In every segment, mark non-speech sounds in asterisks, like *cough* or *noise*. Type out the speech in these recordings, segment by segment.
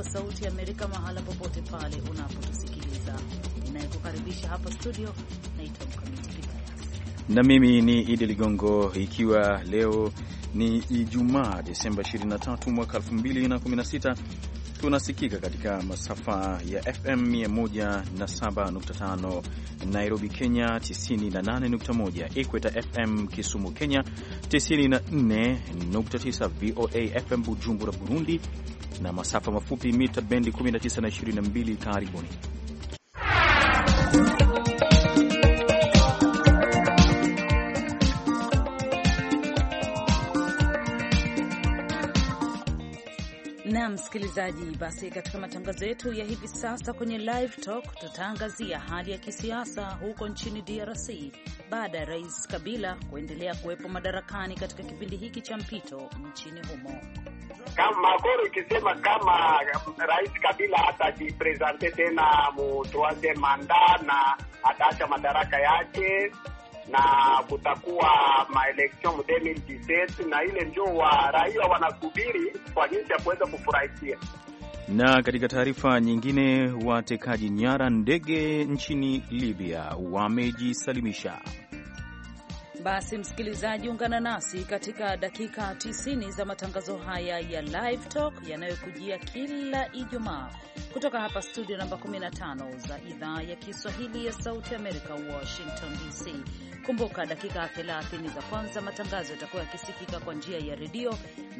wa Sauti ya Amerika mahala popote pale unapotusikiliza. Ninayekukaribisha hapa studio naitwa Mkamiti Kibayasi na mimi ni Idi Ligongo, ikiwa leo ni Ijumaa Desemba 23 mwaka 2016 tunasikika katika masafa ya FM 107.5 Nairobi, Kenya, 98.1 Equator FM Kisumu, Kenya, 94.9 VOA FM Bujumbura, Burundi, na masafa mafupi mita bendi 19 na 22. Karibuni msikilizaji, basi katika matangazo yetu ya hivi sasa kwenye live talk tutaangazia hali ya kisiasa huko nchini DRC baada ya Rais Kabila kuendelea kuwepo madarakani katika kipindi hiki cha mpito nchini humo. Makoro ikisema kama um, Rais Kabila atajipresente tena mu troisieme manda na ataacha madaraka yake na kutakuwa maelection 2017 na ile ndio wa raia wanasubiri kwa jinsi ya kuweza kufurahikia. Na katika taarifa nyingine, watekaji nyara ndege nchini Libya wamejisalimisha. Basi msikilizaji, ungana nasi katika dakika 90 za matangazo haya ya Live Talk yanayokujia kila Ijumaa kutoka hapa studio namba 15 za idhaa ya Kiswahili ya Sauti Amerika, Washington DC. Kumbuka dakika 30 za kwanza matangazo yatakuwa yakisikika kwa njia ya redio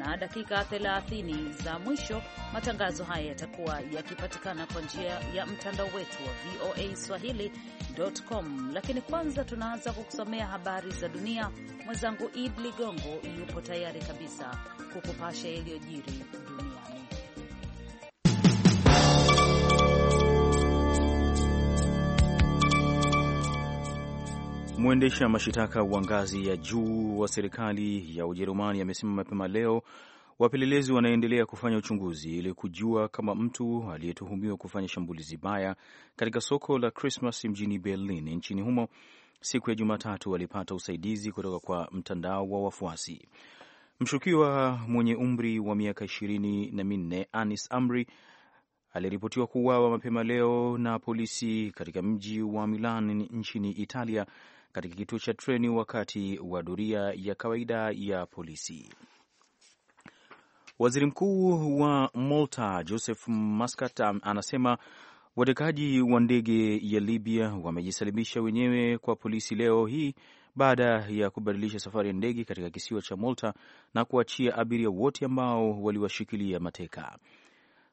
na dakika 30 za mwisho. Matangazo haya yatakuwa yakipatikana kwa njia ya mtandao wetu wa VOA Swahili.com, lakini kwanza tunaanza kukusomea habari za dunia. Mwenzangu Id Ligongo yupo tayari kabisa kukupasha yaliyojiri. Mwendesha mashitaka wa ngazi ya juu wa serikali ya Ujerumani amesema mapema leo wapelelezi wanaendelea kufanya uchunguzi ili kujua kama mtu aliyetuhumiwa kufanya shambulizi baya katika soko la Krismas mjini Berlin nchini humo siku ya Jumatatu alipata usaidizi kutoka kwa mtandao wa wafuasi. Mshukiwa mwenye umri wa miaka ishirini na minne Anis Amri aliripotiwa kuuawa mapema leo na polisi katika mji wa Milan nchini Italia katika kituo cha treni wakati wa doria ya kawaida ya polisi. Waziri Mkuu wa Malta Joseph Muscat anasema watekaji wa ndege ya Libya wamejisalimisha wenyewe kwa polisi leo hii baada ya kubadilisha safari ya ndege katika kisiwa cha Malta na kuachia abiria wote ambao waliwashikilia mateka.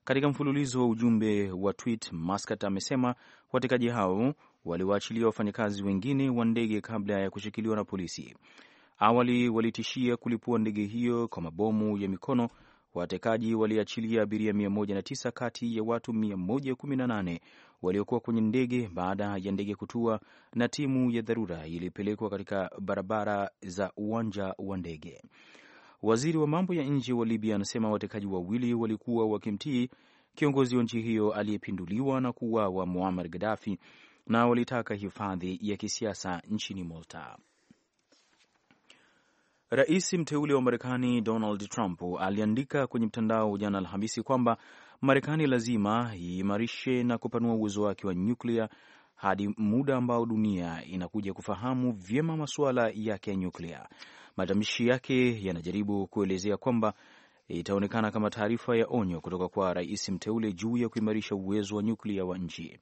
Katika mfululizo wa ujumbe wa tweet, Muscat amesema watekaji hao waliwaachilia wafanyakazi wengine wa ndege kabla ya kushikiliwa na polisi. Awali walitishia kulipua ndege hiyo kwa mabomu ya mikono. Watekaji waliachilia abiria 109 kati ya watu 118 waliokuwa kwenye ndege baada ya ndege kutua, na timu ya dharura ilipelekwa katika barabara za uwanja wa ndege. Waziri wa mambo ya nje wa Libya anasema watekaji wawili walikuwa wakimtii kiongozi wa nchi hiyo aliyepinduliwa na kuuawa Muammar Gaddafi na walitaka hifadhi ya kisiasa nchini Malta. Rais mteule wa Marekani Donald Trump aliandika kwenye mtandao jana Alhamisi kwamba Marekani lazima iimarishe na kupanua uwezo wake wa nyuklia hadi muda ambao dunia inakuja kufahamu vyema masuala yake ya nyuklia. Matamshi yake yanajaribu kuelezea kwamba itaonekana kama taarifa ya onyo kutoka kwa rais mteule juu ya kuimarisha uwezo wa nyuklia wa nchi.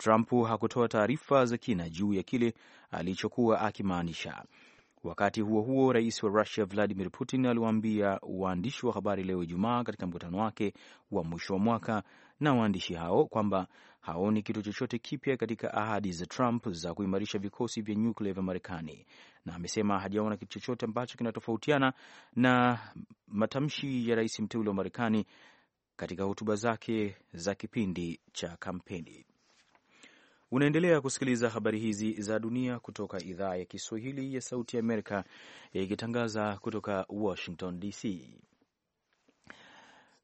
Trump hakutoa taarifa za kina juu ya kile alichokuwa akimaanisha. Wakati huo huo, rais wa Russia Vladimir Putin aliwaambia waandishi wa habari leo Ijumaa katika mkutano wake wa mwisho wa mwaka na waandishi hao kwamba haoni kitu chochote kipya katika ahadi za Trump za kuimarisha vikosi vya nyuklia vya Marekani, na amesema hajaona kitu chochote ambacho kinatofautiana na matamshi ya rais mteule wa Marekani katika hotuba zake za kipindi cha kampeni. Unaendelea kusikiliza habari hizi za dunia kutoka idhaa ya Kiswahili ya Sauti ya Amerika ikitangaza kutoka Washington DC.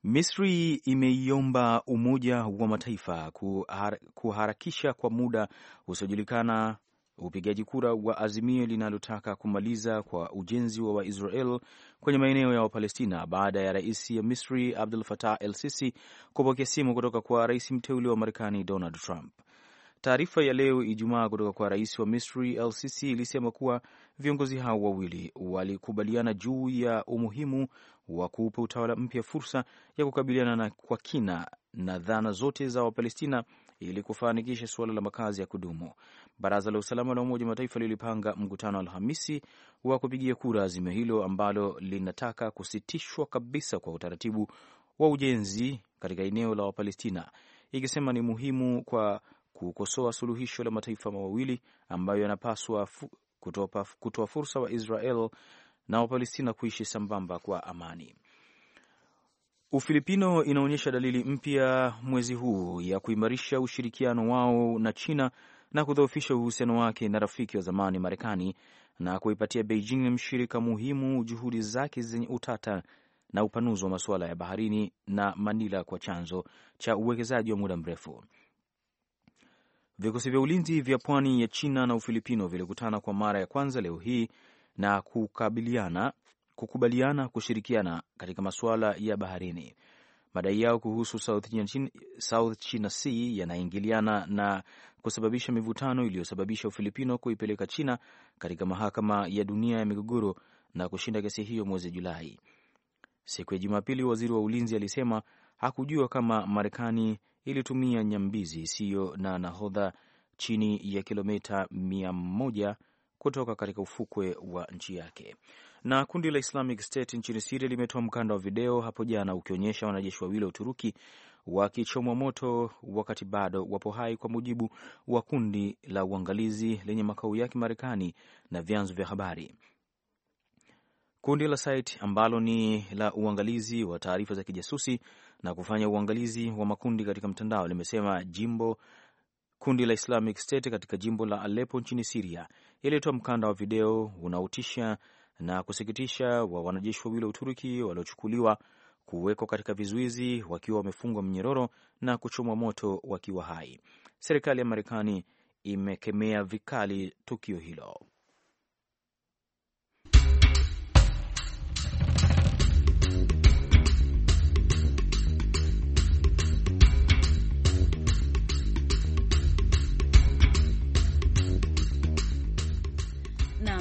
Misri imeiomba Umoja wa Mataifa kuhar, kuharakisha kwa muda usiojulikana upigaji kura wa azimio linalotaka kumaliza kwa ujenzi wa Waisrael kwenye maeneo ya Wapalestina baada ya rais ya Misri Abdul Fatah El Sisi kupokea simu kutoka kwa rais mteule wa Marekani Donald Trump. Taarifa ya leo Ijumaa kutoka kwa rais wa Misri lcc ilisema kuwa viongozi hao wawili walikubaliana juu ya umuhimu wa kuupa utawala mpya fursa ya kukabiliana na kwa kina na dhana zote za Wapalestina ili kufanikisha suala la makazi ya kudumu. Baraza la Usalama la Umoja wa Mataifa lilipanga mkutano Alhamisi wa kupigia kura azimio hilo ambalo linataka kusitishwa kabisa kwa utaratibu wa ujenzi katika eneo la Wapalestina, ikisema ni muhimu kwa kukosoa suluhisho la mataifa mawili ambayo yanapaswa kutoa fursa wa Israel na Wapalestina kuishi sambamba kwa amani. Ufilipino inaonyesha dalili mpya mwezi huu ya kuimarisha ushirikiano wao na China na kudhoofisha uhusiano wake na rafiki wa zamani Marekani na kuipatia Beijing mshirika muhimu juhudi zake zenye utata na upanuzi wa masuala ya baharini na Manila kwa chanzo cha uwekezaji wa muda mrefu. Vikosi vya ulinzi vya pwani ya China na Ufilipino vilikutana kwa mara ya kwanza leo hii na kukabiliana, kukubaliana kushirikiana katika masuala ya baharini. Madai yao kuhusu South China, South China Sea yanaingiliana na kusababisha mivutano iliyosababisha Ufilipino kuipeleka China katika mahakama ya dunia ya migogoro na kushinda kesi hiyo mwezi Julai. Siku ya Jumapili, waziri wa ulinzi alisema hakujua kama Marekani ilitumia nyambizi isiyo na nahodha chini ya kilomita mia moja kutoka katika ufukwe wa nchi yake. Na kundi la Islamic State nchini Siria limetoa mkanda wa video hapo jana ukionyesha wanajeshi wawili wa Uturuki wakichomwa moto wakati bado wapo hai, kwa mujibu wa kundi la uangalizi lenye makao yake Marekani na vyanzo vya habari. Kundi la SITE ambalo ni la uangalizi wa taarifa za kijasusi na kufanya uangalizi wa makundi katika mtandao limesema jimbo kundi la Islamic State katika jimbo la Aleppo nchini siria ilitoa mkanda wa video unaotisha na kusikitisha wa wanajeshi wawili wa Uturuki waliochukuliwa kuwekwa katika vizuizi wakiwa wamefungwa mnyororo na kuchomwa moto wakiwa hai. Serikali ya Marekani imekemea vikali tukio hilo.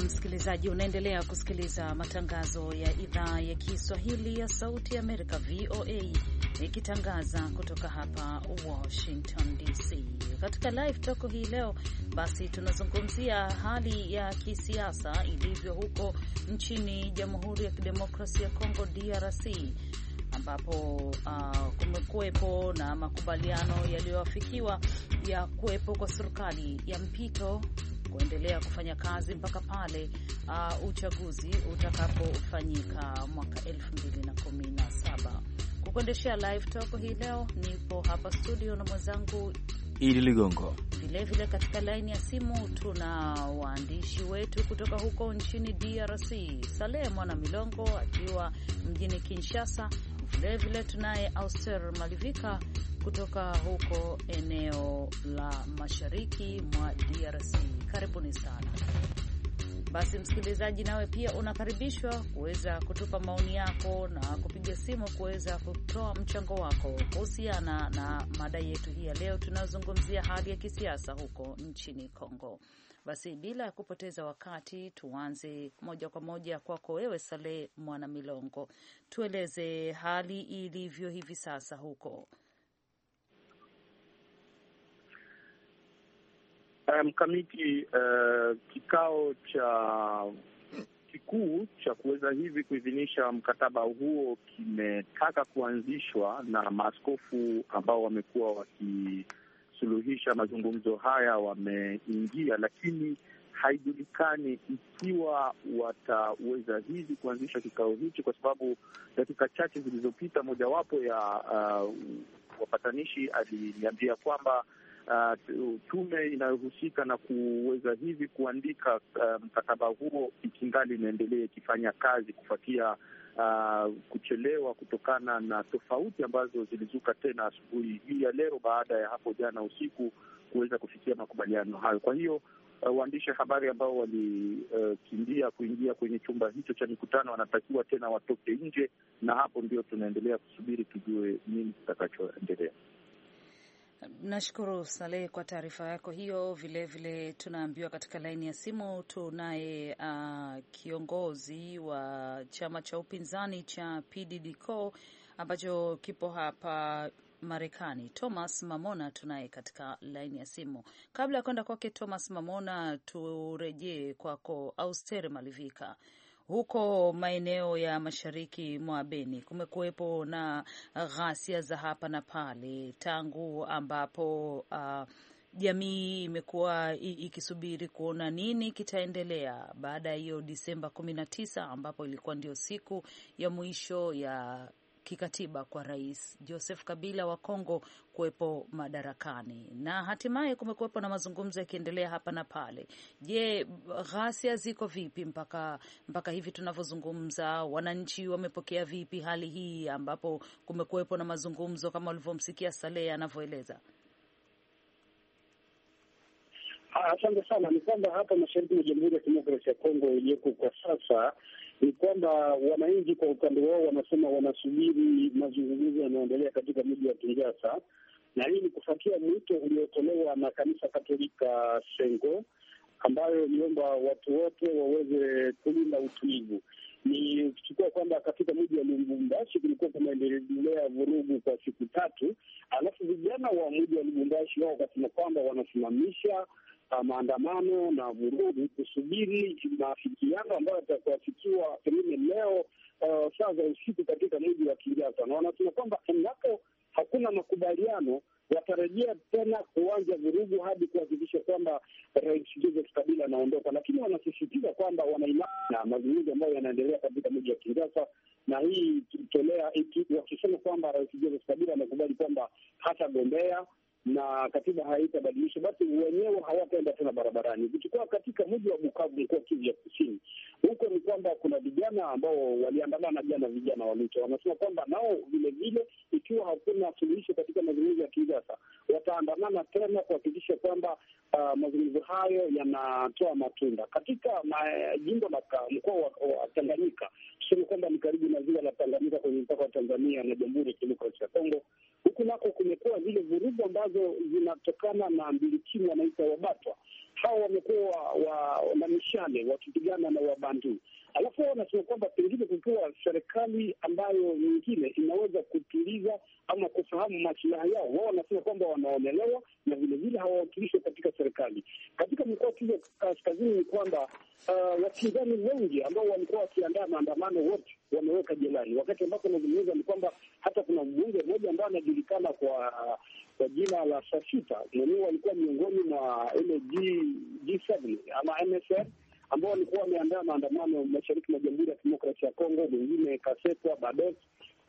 msikilizaji, unaendelea kusikiliza matangazo ya idhaa ya Kiswahili ya Sauti ya Amerika, VOA, ikitangaza kutoka hapa Washington DC. Katika live talk hii leo, basi tunazungumzia hali ya kisiasa ilivyo huko nchini Jamhuri ya Kidemokrasia ya Kongo, DRC, ambapo uh, kumekuwepo na makubaliano yaliyoafikiwa ya kuwepo kwa serikali ya mpito kuendelea kufanya kazi mpaka pale uh, uchaguzi utakapofanyika mwaka 2017. Kukuendeshea live talk hii leo nipo hapa studio na mwenzangu Idi Ligongo. Vilevile katika laini ya simu tuna waandishi wetu kutoka huko nchini DRC, Saleh Mwana Milongo akiwa mjini Kinshasa Vilevile tunaye Auster Malivika kutoka huko eneo la mashariki mwa DRC. Karibuni sana. Basi msikilizaji, nawe pia unakaribishwa kuweza kutupa maoni yako na kupiga simu kuweza kutoa mchango wako kuhusiana na mada yetu hii ya leo. Tunazungumzia hali ya kisiasa huko nchini Kongo. Basi bila ya kupoteza wakati, tuanze moja kwa moja kwako wewe Saleh Mwana Milongo, tueleze hali ilivyo hivi sasa huko. Eh, mkamiti, um, uh, kikao cha kikuu cha kuweza hivi kuidhinisha mkataba huo kimetaka kuanzishwa na maaskofu ambao wamekuwa waki kusuluhisha mazungumzo haya wameingia, lakini haijulikani ikiwa wataweza hivi kuanzisha kikao hichi, kwa sababu dakika chache zilizopita mojawapo ya uh, wapatanishi aliniambia kwamba Uh, tume inayohusika na kuweza hivi kuandika uh, mkataba um, huo ikingali inaendelea ikifanya kazi kufuatia uh, kuchelewa kutokana na tofauti ambazo zilizuka tena asubuhi hii ya leo baada ya hapo jana usiku kuweza kufikia makubaliano hayo. Kwa hiyo uh, waandishi habari ambao walikimbia uh, kuingia kwenye chumba hicho cha mikutano wanatakiwa tena watoke nje, na hapo ndio tunaendelea kusubiri tujue nini kitakachoendelea. Nashukuru Saleh kwa taarifa yako hiyo. Vilevile tunaambiwa katika laini ya simu tunaye uh, kiongozi wa chama cha upinzani cha PDDCO ambacho kipo hapa Marekani, Thomas Mamona tunaye katika laini ya simu. Kabla ya kwenda kwake Thomas Mamona, turejee kwako Austeri Malivika huko maeneo ya mashariki mwa Beni kumekuwepo na uh, ghasia za hapa na pale tangu ambapo uh, jamii imekuwa ikisubiri kuona nini kitaendelea baada ya hiyo Disemba kumi na tisa ambapo ilikuwa ndio siku ya mwisho ya kikatiba kwa Rais Joseph Kabila wa Kongo kuwepo madarakani, na hatimaye kumekuwepo na mazungumzo yakiendelea hapa na pale. Je, ghasia ziko vipi mpaka mpaka hivi tunavyozungumza? Wananchi wamepokea vipi hali hii ambapo kumekuwepo na mazungumzo kama ulivyomsikia Salehe anavyoeleza? Asante sana. Ni kwamba hapa mashariki mwa Jamhuri ya Kidemokrasia ya Kongo iliyoko kwa sasa ni kwamba wananchi kwa upande wao wanasema wanasubiri mazungumzo yanayoendelea katika mji wa Kinshasa, na hii ni kufuatia mwito uliotolewa na kanisa Katolika Sengo ambayo iliomba watu wote waweze kulinda utulivu. Ni kuchukua kwamba katika mji wa Lubumbashi kulikuwa kunaendelea vurugu kwa siku tatu, alafu vijana wa mji wa Lubumbashi wao wakasema kwamba wanasimamisha maandamano na vurugu, kusubiri maafikiano ambayo yatakuafikiwa pengine leo uh, saa za usiku katika mji wa Kinshasa, na wanasema kwamba endapo hakuna makubaliano watarejea tena kuanza vurugu hadi kuhakikisha kwamba Rais Joseph Kabila anaondoka, lakini wanasisitiza kwamba wanaimani na mazungumzo ambayo yanaendelea katika mji wa Kinshasa, na hii ikitolea wakisema kwamba Rais Joseph Kabila amekubali kwamba hatagombea na katiba haitabadilishwa, basi wenyewe hawataenda tena barabarani. Kuchukua katika mji wa Bukavu, mkoa Kivu ya Kusini, huko ni kwamba kuna vijana ambao waliandamana jana, vijana wa Lucha wanasema kwamba nao vilevile, ikiwa hakuna suluhisho katika mazungumzo ya kisiasa wataandamana tena kuhakikisha kwamba uh, mazungumzo hayo yanatoa matunda katika ma, jimbo la mkoa wa, wa Tanganyika. Tuseme kwamba ni karibu na ziwa la Tanganyika kwenye mpaka wa Tanzania na Jamhuri ya Kidemokrasia ya Kongo. Huku nako kumekuwa zile vurugu ambazo ambazo zinatokana na mbilikimu wanaita Wabatwa. Hawa wamekuwa wa, wa, na mishale wakipigana na Wabandu Alafu wao wanasema kwamba pengine kukiwa serikali ambayo nyingine inaweza kutuliza ama kufahamu masilaha yao, wao wanasema kwamba wanaonelewa na vilevile hawawakilishwa katika serikali. Katika mkoa wa Kivu Kaskazini ni kwamba uh, wapinzani wengi ambao walikuwa wakiandaa maandamano wote wameweka jelani, wakati ambapo nazungumza ni kwamba hata kuna mbunge mmoja ambaye anajulikana kwa kwa jina la Sasita mwenyewe walikuwa miongoni mwa ile G7 ama MSR ambao walikuwa wameandaa maandamano mashariki mwa Jamhuri ya Kidemokrasia ya Kongo, mwingine Kasekwa Bados,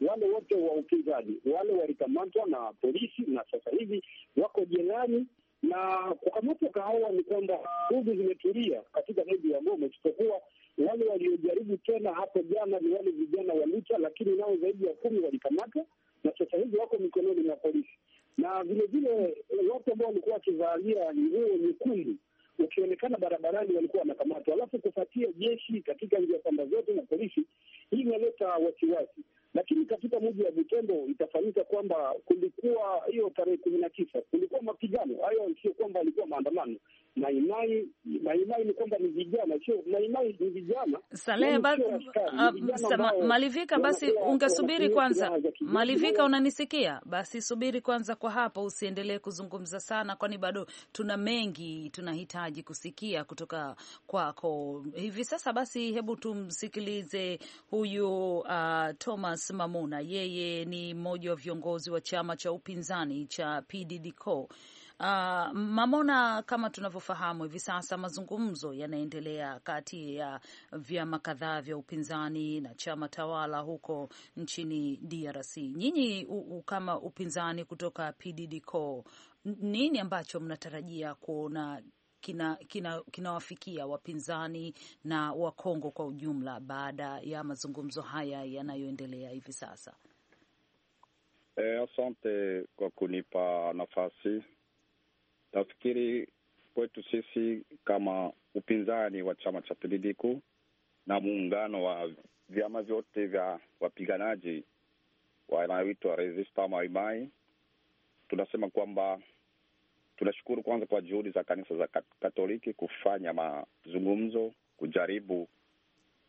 wale wote wa upinzani wale walikamatwa na polisi na sasa hivi wako jelani na kukamatwa hawa ni kwamba nguvu zimetulia katika mji wa Goma, isipokuwa wale waliojaribu tena hapo jana ni wale vijana wa Lucha, lakini nao zaidi ya kumi walikamatwa na sasa hivi wako mikononi mwa polisi. Na vilevile watu ambao walikuwa wakivalia nguo nyekundu ukionekana barabarani walikuwa wanakamatwa, alafu kufuatia jeshi katika njia panda zote na polisi, hii inaleta wasiwasi lakini katika mji wa vitendo itafanyika kwamba kulikuwa hiyo tarehe kumi na tisa kulikuwa mapigano hayo, sio kwamba alikuwa maandamano. Maimai maimai ni kwamba ni vijana, sio maimai ni vijana. Salehe uh, Malivika, basi ungesubiri kwanza. Malivika, unanisikia? Basi subiri kwanza kwa hapo, usiendelee kuzungumza sana, kwani bado tuna mengi tunahitaji kusikia kutoka kwako hivi sasa. Basi hebu tumsikilize huyu uh, Thomas Thomas Mamuna, yeye ni mmoja wa viongozi wa chama cha upinzani cha PDDCO. Uh, ah, Mamona, kama tunavyofahamu hivi sasa mazungumzo yanaendelea kati ya vyama kadhaa vya upinzani na chama tawala huko nchini DRC. Nyinyi kama upinzani kutoka PDDCO, nini ambacho mnatarajia kuona kinawafikia kina, kina wapinzani na Wakongo kwa ujumla baada ya mazungumzo haya yanayoendelea hivi sasa? E, asante kwa kunipa nafasi. Nafikiri kwetu sisi kama upinzani wa chama cha Pididiko na muungano wa vyama vyote vya wapiganaji wanaoitwa Resista Maimai, tunasema kwamba Tunashukuru kwanza kwa juhudi za kanisa za Katoliki kufanya mazungumzo, kujaribu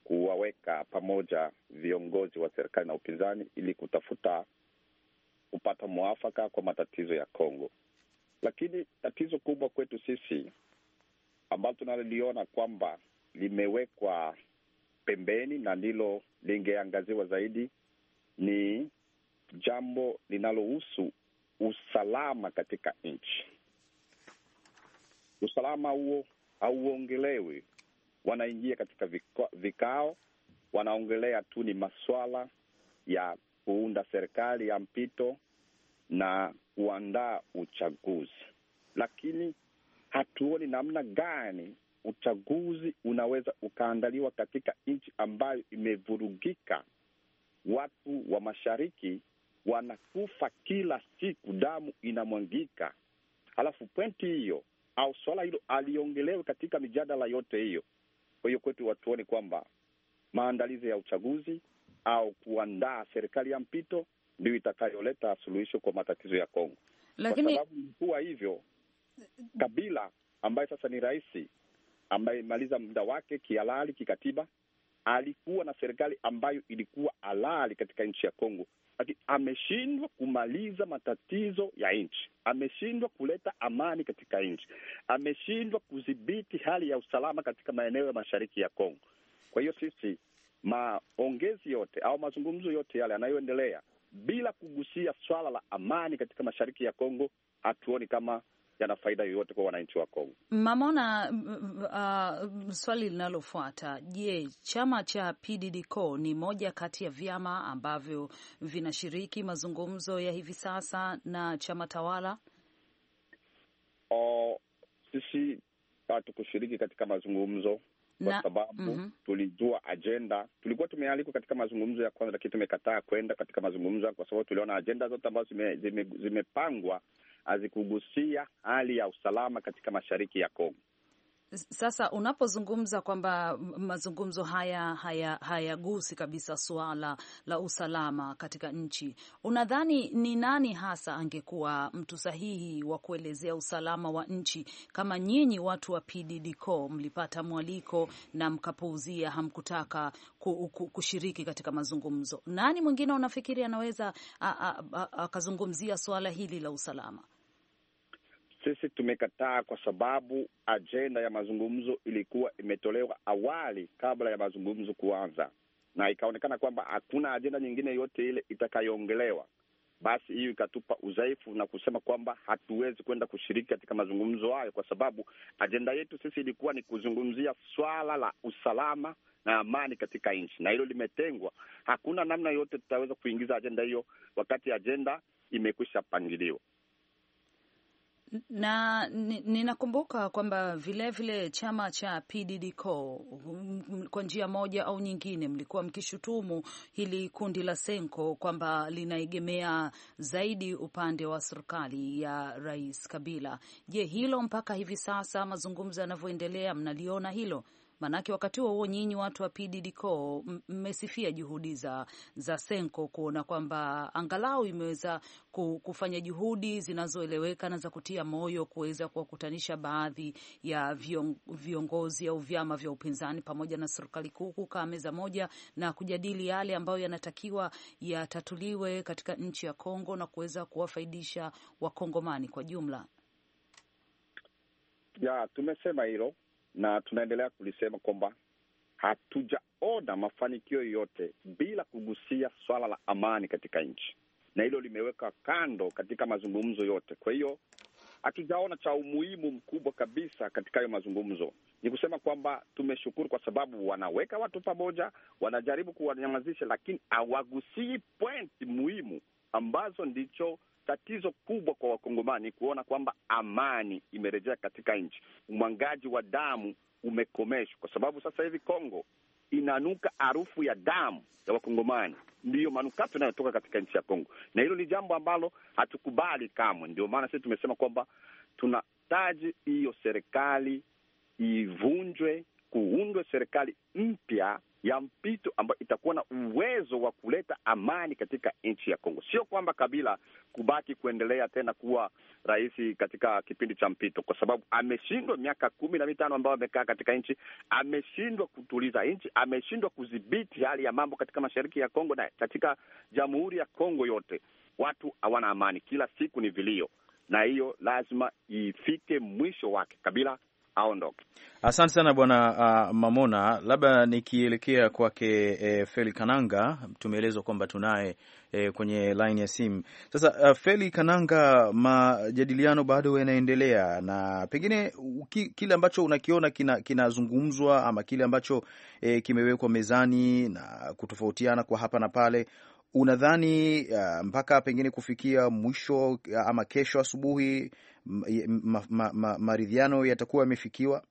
kuwaweka pamoja viongozi wa serikali na upinzani ili kutafuta kupata mwafaka kwa matatizo ya Kongo. Lakini tatizo kubwa kwetu sisi ambalo tunaliona kwamba limewekwa pembeni na ndilo lingeangaziwa zaidi ni jambo linalohusu usalama katika nchi usalama huo hauongelewi. Wanaingia katika vikao, wanaongelea tu ni maswala ya kuunda serikali ya mpito na kuandaa uchaguzi, lakini hatuoni namna gani uchaguzi unaweza ukaandaliwa katika nchi ambayo imevurugika. Watu wa mashariki wanakufa kila siku, damu inamwangika. Halafu pointi hiyo au swala hilo aliongelewe katika mijadala yote hiyo. Kwa hiyo kwetu watuone kwamba maandalizi ya uchaguzi au kuandaa serikali ya mpito ndio itakayoleta suluhisho kwa matatizo ya Kongo, lakini kwa sababu ilikuwa hivyo, Kabila ambaye sasa ni rais ambaye imaliza muda wake kihalali kikatiba, alikuwa na serikali ambayo ilikuwa halali katika nchi ya Kongo ati ameshindwa kumaliza matatizo ya nchi, ameshindwa kuleta amani katika nchi, ameshindwa kudhibiti hali ya usalama katika maeneo ya mashariki ya Kongo. Kwa hiyo sisi, maongezi yote au mazungumzo yote yale yanayoendelea bila kugusia swala la amani katika mashariki ya Kongo hatuoni kama yana faida yoyote kwa wananchi wa Kongo. Mamona, uh, swali linalofuata, je, chama cha PDDCO ni moja kati ya vyama ambavyo vinashiriki mazungumzo ya hivi sasa na chama tawala? Uh, sisi hatukushiriki katika mazungumzo kwa na, sababu mm -hmm. tulijua ajenda. Tulikuwa tumealikwa katika mazungumzo ya kwanza, lakini tumekataa kwenda katika mazungumzo, kwa sababu tuliona ajenda zote ambazo zimepangwa zime, zime hazikugusia hali ya usalama katika mashariki ya Kongo. Sasa unapozungumza kwamba mazungumzo haya hayagusi haya kabisa suala la usalama katika nchi, unadhani ni nani hasa angekuwa mtu sahihi wa kuelezea usalama wa nchi kama nyinyi watu wa PDDCO mlipata mwaliko na mkapuuzia, hamkutaka kushiriki katika mazungumzo? Nani mwingine unafikiri anaweza akazungumzia suala hili la usalama? Sisi tumekataa kwa sababu ajenda ya mazungumzo ilikuwa imetolewa awali kabla ya mazungumzo kuanza, na ikaonekana kwamba hakuna ajenda nyingine yote ile itakayoongelewa. Basi hiyo ikatupa udhaifu na kusema kwamba hatuwezi kwenda kushiriki katika mazungumzo hayo, kwa sababu ajenda yetu sisi ilikuwa ni kuzungumzia swala la usalama na amani katika nchi, na hilo limetengwa. Hakuna namna yote tutaweza kuingiza ajenda hiyo wakati ajenda imekwisha pangiliwa na ninakumbuka kwamba vilevile chama cha pddc kwa njia moja au nyingine mlikuwa mkishutumu hili kundi la Senko kwamba linaegemea zaidi upande wa serikali ya Rais Kabila. Je, hilo mpaka hivi sasa mazungumzo yanavyoendelea, mnaliona hilo Maanake wakati huo huo nyinyi watu wa PDDCO mmesifia juhudi za, za Senko kuona kwamba angalau imeweza kufanya juhudi zinazoeleweka na za kutia moyo kuweza kuwakutanisha baadhi ya viongozi au vyama vya upinzani pamoja na serikali kuu kukaa meza moja na kujadili yale ambayo yanatakiwa yatatuliwe katika nchi ya Kongo na kuweza kuwafaidisha Wakongomani kwa jumla. Ya, tumesema hilo na tunaendelea kulisema kwamba hatujaona mafanikio yoyote bila kugusia swala la amani katika nchi, na hilo limeweka kando katika mazungumzo yote. Kwa hiyo hatujaona cha umuhimu mkubwa kabisa katika hayo mazungumzo. Ni kusema kwamba tumeshukuru kwa sababu wanaweka watu pamoja, wanajaribu kuwanyamazisha, lakini hawagusii pointi muhimu ambazo ndicho tatizo kubwa kwa Wakongomani kuona kwamba amani imerejea katika nchi, umwangaji wa damu umekomeshwa, kwa sababu sasa hivi Kongo inanuka harufu ya damu ya Wakongomani, ndiyo manukato inayotoka katika nchi ya Kongo, na hilo ni jambo ambalo hatukubali kamwe. Ndio maana sisi tumesema kwamba tunahitaji hiyo serikali ivunjwe, kuundwe serikali mpya ya mpito ambayo itakuwa na uwezo wa kuleta amani katika nchi ya Kongo. Sio kwamba Kabila kubaki kuendelea tena kuwa rais katika kipindi cha mpito, kwa sababu ameshindwa miaka kumi na mitano ambayo amekaa katika nchi, ameshindwa kutuliza nchi, ameshindwa kudhibiti hali ya mambo katika mashariki ya Kongo na katika jamhuri ya Kongo yote. Watu hawana amani, kila siku ni vilio, na hiyo lazima ifike mwisho wake. Kabila aondoke. Asante sana bwana uh, Mamona. Labda nikielekea kwake eh, Feli Kananga, tumeelezwa kwamba tunaye eh, kwenye laini ya simu sasa. Uh, Feli Kananga, majadiliano bado yanaendelea, na pengine ki, kile ambacho unakiona kinazungumzwa kina ama kile ambacho eh, kimewekwa mezani na kutofautiana kwa hapa na pale, unadhani uh, mpaka pengine kufikia mwisho uh, ama kesho asubuhi maridhiano yatakuwa yamefikiwa?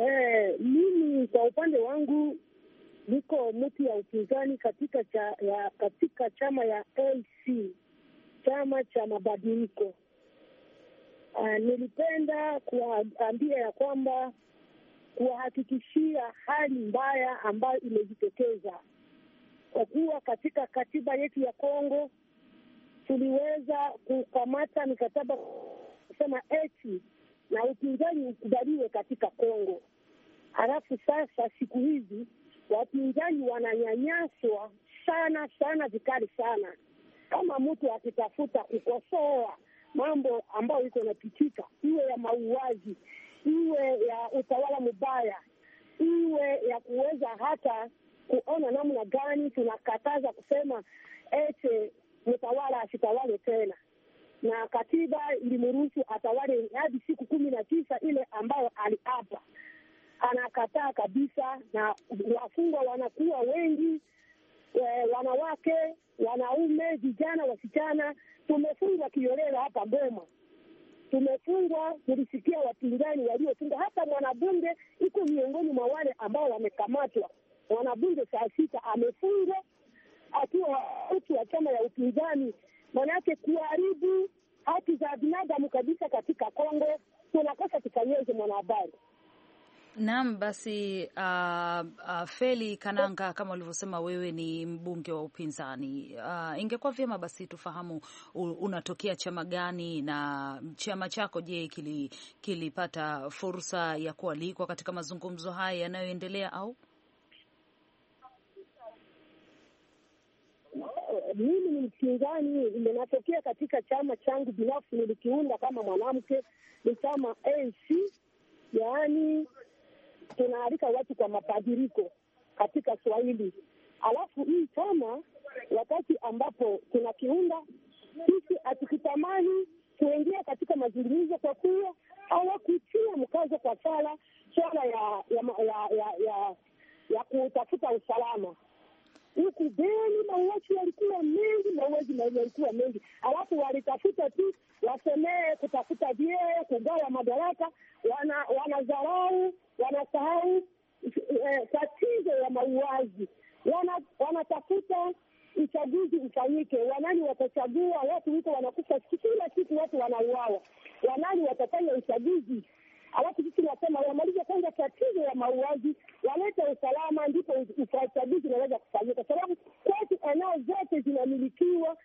Eh, mimi kwa upande wangu niko mti ya upinzani katika cha, ya, katika chama ya AC, chama cha mabadiliko. Uh, nilipenda kuwaambia ya kwamba kuwahakikishia hali mbaya ambayo imejitokeza, kwa kuwa katika katiba yetu ya Kongo tuliweza kukamata mikataba kusema eti na upinzani ukubaliwe katika Kongo. Halafu sasa siku hizi wapinzani wananyanyaswa sana sana vikali sana. Kama mtu akitafuta kukosoa mambo ambayo iko napitika, iwe ya mauaji, iwe ya utawala mbaya, iwe ya kuweza hata kuona namna gani tunakataza kusema ete mtawala asitawale tena, na katiba ilimruhusu atawale hadi siku kumi na tisa ile ambayo aliapa, anakataa kabisa, na wafungwa wanakuwa wengi e, wanawake, wanaume, vijana, wasichana. Tumefungwa kiolela hapa Goma tumefungwa. Tulisikia wapinzani waliofungwa, hata mwanabunge iko miongoni mwa wale ambao wamekamatwa. Mwanabunge saa sita amefungwa akiwa utu wa chama ya upinzani, manake kuharibu haki za binadamu kabisa katika Kongo. Tunakosa tukanyeze mwanahabari? Naam, basi uh, uh, Feli Kananga, kama ulivyosema wewe ni mbunge wa upinzani uh, ingekuwa vyema basi tufahamu unatokea chama gani na chama chako, je, kili, kilipata fursa ya kualikwa katika mazungumzo haya yanayoendelea au? Mimi ni mpinzani, ninatokea katika chama changu binafsi, nilikiunda kama mwanamke, ni chama ANC yaani tunaalika watu kwa mabadiliko katika Swahili. Alafu hii chama wakati ambapo tunakiunda sisi atukitamani kuingia katika mazungumzo kwa kuwa hawakutia mkazo kwa sala swala ya ya, ya, ya, ya, ya kutafuta usalama huku ukubeli, mauaji yalikuwa mengi, mauaji yalikuwa mengi, alafu walitafuta tu wasemee, kutafuta vyeo, kugawa madaraka, wanadharau, wanasahau eh, tatizo ya mauaji, wanatafuta uchaguzi ufanyike, wanani watachagua watu, huko wanakufa kila siku, watu wanauawa, wanani watafanya uchaguzi alafu sisi nasema wamalize kwanza tatizo ya mauaji, walete usalama, ndipo uchaguzi unaweza kufanyika, kwa sababu kwetu eneo zote zinamilikiwa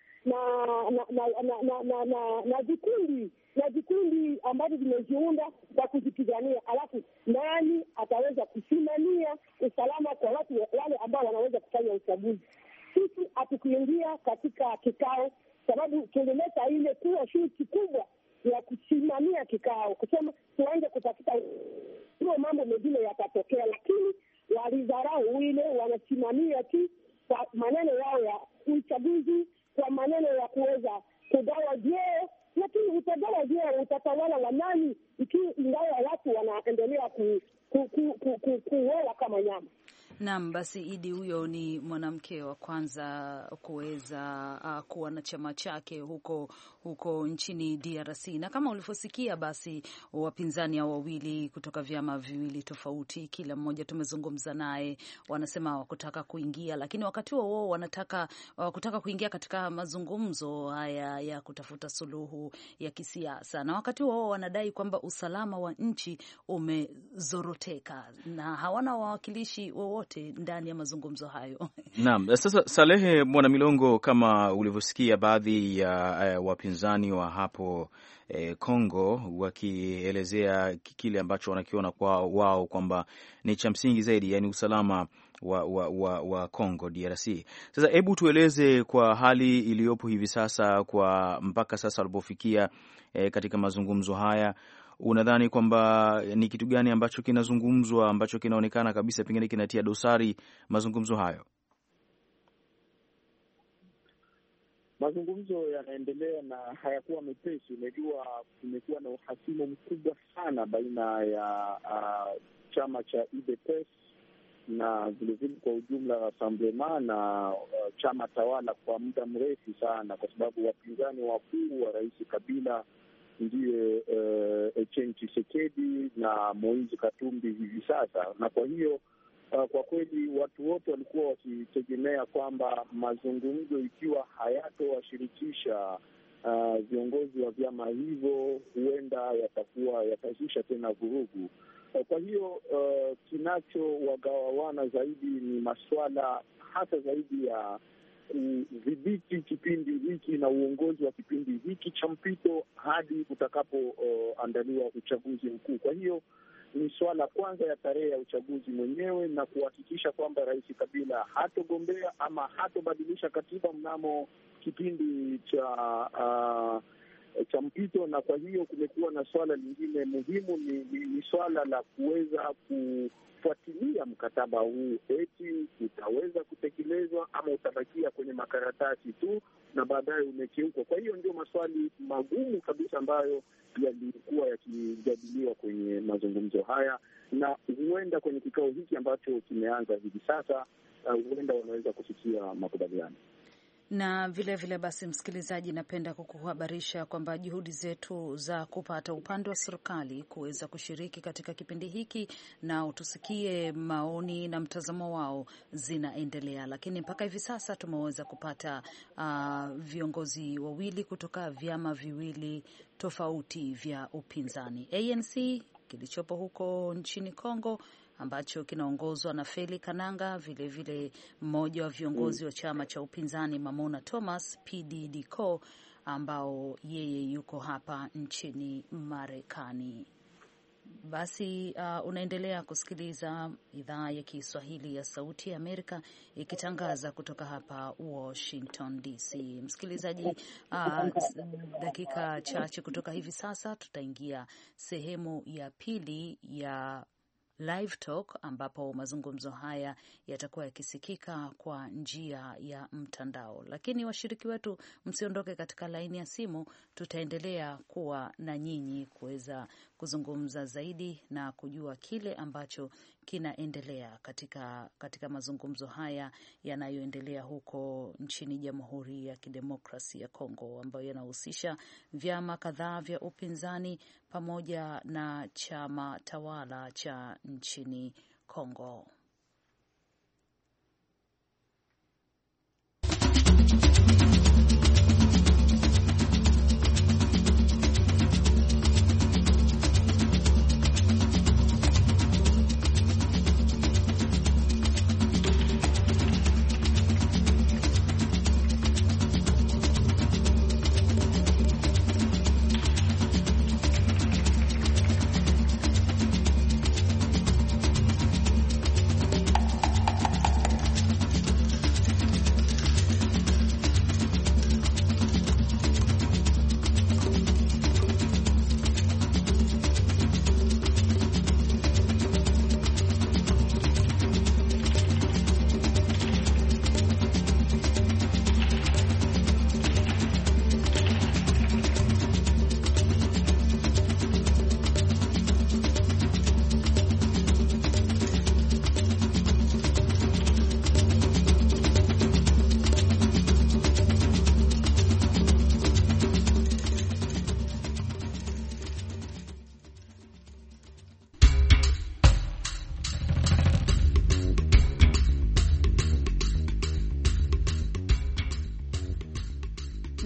na vikundi na vikundi ambavyo vimejiunda kwa kuzipigania Alafu nani ataweza kusimamia usalama kwa watu wale ambao wanaweza kufanya uchaguzi? Sisi hatukuingia katika kikao, sababu tungeleta ile kuwa shuti kubwa ya kusimamia kikao, kusema tuanze kutafuta hiyo, mambo mengine yatatokea, lakini walidharau ile, wanasimamia tu kwa maneno yao ya uchaguzi, kwa maneno ya kuweza kugawa vyeo, lakini utagawa vyeo utatawala wa nani, ikiwa ingawa watu wanaendelea ku, kama nyama. Naam, basi Idi, huyo ni mwanamke wa kwanza kuweza uh, kuwa na chama chake huko huko nchini DRC, na kama ulivyosikia, basi wapinzani hao wawili kutoka vyama viwili tofauti, kila mmoja tumezungumza naye, wanasema wakutaka kuingia, lakini wakati huo huo wanataka kuingia katika mazungumzo haya ya kutafuta suluhu ya kisiasa, na wakati huo huo wanadai kwamba usalama wa nchi umezoro walioteka na hawana wawakilishi wowote ndani ya mazungumzo hayo. *laughs* Naam, sasa Salehe Mwana Milongo, kama ulivyosikia baadhi ya uh, wapinzani wa hapo eh, Kongo wakielezea kile ambacho wanakiona kwa wao kwamba ni cha msingi zaidi, yaani usalama wa, wa, wa, wa Congo DRC. Sasa hebu tueleze kwa hali iliyopo hivi sasa, kwa mpaka sasa walipofikia eh, katika mazungumzo haya unadhani kwamba ni kitu gani ambacho kinazungumzwa ambacho kinaonekana kabisa pengine kinatia dosari mazungumzo hayo? Mazungumzo yanaendelea na hayakuwa mepesi. Umejua, kumekuwa na uhasimu mkubwa sana baina ya uh, chama cha UDPS na vilevile kwa ujumla Rassemblement na uh, chama tawala kwa muda mrefu sana, kwa sababu wapinzani wakuu wa rais Kabila ndiye eh, Etienne Tshisekedi na Moise Katumbi hivi sasa, na kwa hiyo Uh, kwa kweli watu wote walikuwa wakitegemea kwamba mazungumzo ikiwa hayatowashirikisha uh, viongozi wa vyama hivyo huenda yatakuwa yatazusha tena vurugu. Uh, kwa hiyo uh, kinachowagawawana zaidi ni masuala hasa zaidi ya kudhibiti kipindi hiki na uongozi wa kipindi hiki cha mpito hadi utakapoandaliwa uh, uchaguzi mkuu. Kwa hiyo ni suala kwanza ya tarehe ya uchaguzi mwenyewe na kuhakikisha kwamba Rais Kabila hatogombea ama hatobadilisha katiba mnamo kipindi cha uh, Eh, cha mpito, na kwa hiyo kumekuwa na swala lingine muhimu, ni, ni, ni swala la kuweza kufuatilia mkataba huu, eti utaweza kutekelezwa ama utabakia kwenye makaratasi tu na baadaye umekiukwa. Kwa hiyo ndio maswali magumu kabisa ambayo yalikuwa yakijadiliwa kwenye mazungumzo haya, na huenda kwenye kikao hiki ambacho kimeanza hivi sasa, uh, huenda wanaweza kufikia makubaliano na vilevile vile basi, msikilizaji, napenda kukuhabarisha kwamba juhudi zetu za kupata upande wa serikali kuweza kushiriki katika kipindi hiki na utusikie maoni na mtazamo wao zinaendelea, lakini mpaka hivi sasa tumeweza kupata uh, viongozi wawili kutoka vyama viwili tofauti vya upinzani ANC kilichopo huko nchini Kongo ambacho kinaongozwa na Feli Kananga, vilevile mmoja wa viongozi mm. wa chama cha upinzani Mamona Thomas PDDCO, ambao yeye yuko hapa nchini Marekani. Basi uh, unaendelea kusikiliza idhaa ya Kiswahili ya Sauti ya Amerika ikitangaza kutoka hapa Washington DC. Msikilizaji, uh, dakika chache kutoka hivi sasa tutaingia sehemu ya pili ya live talk, ambapo mazungumzo haya yatakuwa yakisikika kwa njia ya mtandao. Lakini washiriki wetu, msiondoke katika laini ya simu, tutaendelea kuwa na nyinyi kuweza kuzungumza zaidi na kujua kile ambacho kinaendelea katika, katika mazungumzo haya yanayoendelea huko nchini Jamhuri ya Kidemokrasi ya Kongo ambayo yanahusisha vyama kadhaa vya upinzani pamoja na chama tawala cha nchini Kongo.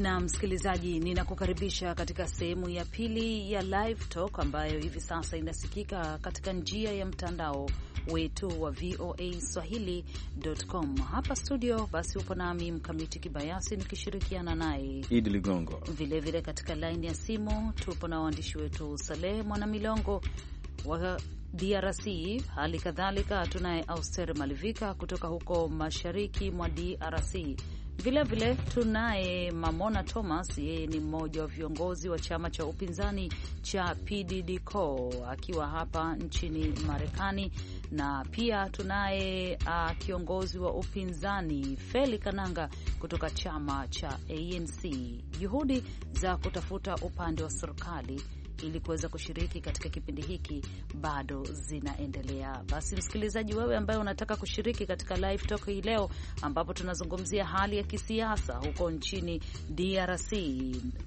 na msikilizaji, ninakukaribisha katika sehemu ya pili ya Live Talk ambayo hivi sasa inasikika katika njia ya mtandao wetu wa VOA Swahili.com. Hapa studio basi upo nami Mkamiti Kibayasi nikishirikiana naye Idi Ligongo. Vilevile katika laini ya simu tupo na waandishi wetu Salehe Mwanamilongo wa DRC, hali kadhalika tunaye Auster Malivika kutoka huko mashariki mwa DRC Vilevile tunaye Mamona Thomas, yeye ni mmoja wa viongozi wa chama cha upinzani cha PDDCO akiwa hapa nchini Marekani, na pia tunaye uh, kiongozi wa upinzani Feli Kananga kutoka chama cha ANC. Juhudi za kutafuta upande wa serikali ili kuweza kushiriki katika kipindi hiki bado zinaendelea. Basi msikilizaji, wewe ambaye unataka kushiriki katika live talk hii leo, ambapo tunazungumzia hali ya kisiasa huko nchini DRC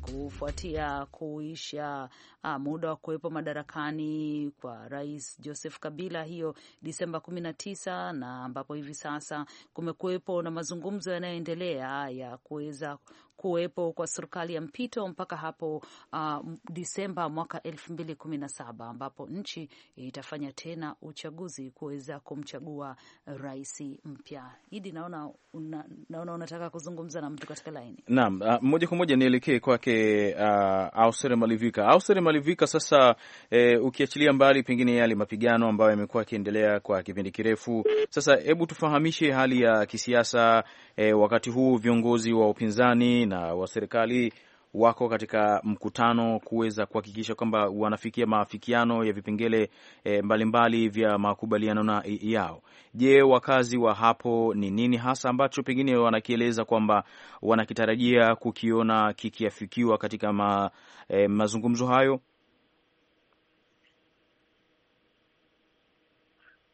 kufuatia kuisha ah, muda wa kuwepo madarakani kwa Rais Joseph Kabila hiyo Disemba 19 na ambapo hivi sasa kumekuwepo na mazungumzo yanayoendelea ya kuweza kuwepo kwa serikali ya mpito mpaka hapo uh, Disemba mwaka elfu mbili kumi na saba ambapo nchi itafanya tena uchaguzi kuweza kumchagua rais mpya. Idi, naona una, naona unataka kuzungumza na mtu katika laini. Naam, uh, moja kwa moja nielekee kwake uh, Ausere Malivika. Ausere Malivika, sasa eh, ukiachilia mbali pengine yale mapigano ambayo yamekuwa yakiendelea kwa kipindi kirefu sasa, hebu tufahamishe hali ya kisiasa E, wakati huu viongozi wa upinzani na wa serikali wako katika mkutano kuweza kuhakikisha kwamba wanafikia maafikiano ya vipengele e, mbalimbali vya makubaliano na yao. Je, wakazi wa hapo ni nini hasa ambacho pengine wanakieleza kwamba wanakitarajia kukiona kikiafikiwa katika ma, e, mazungumzo hayo?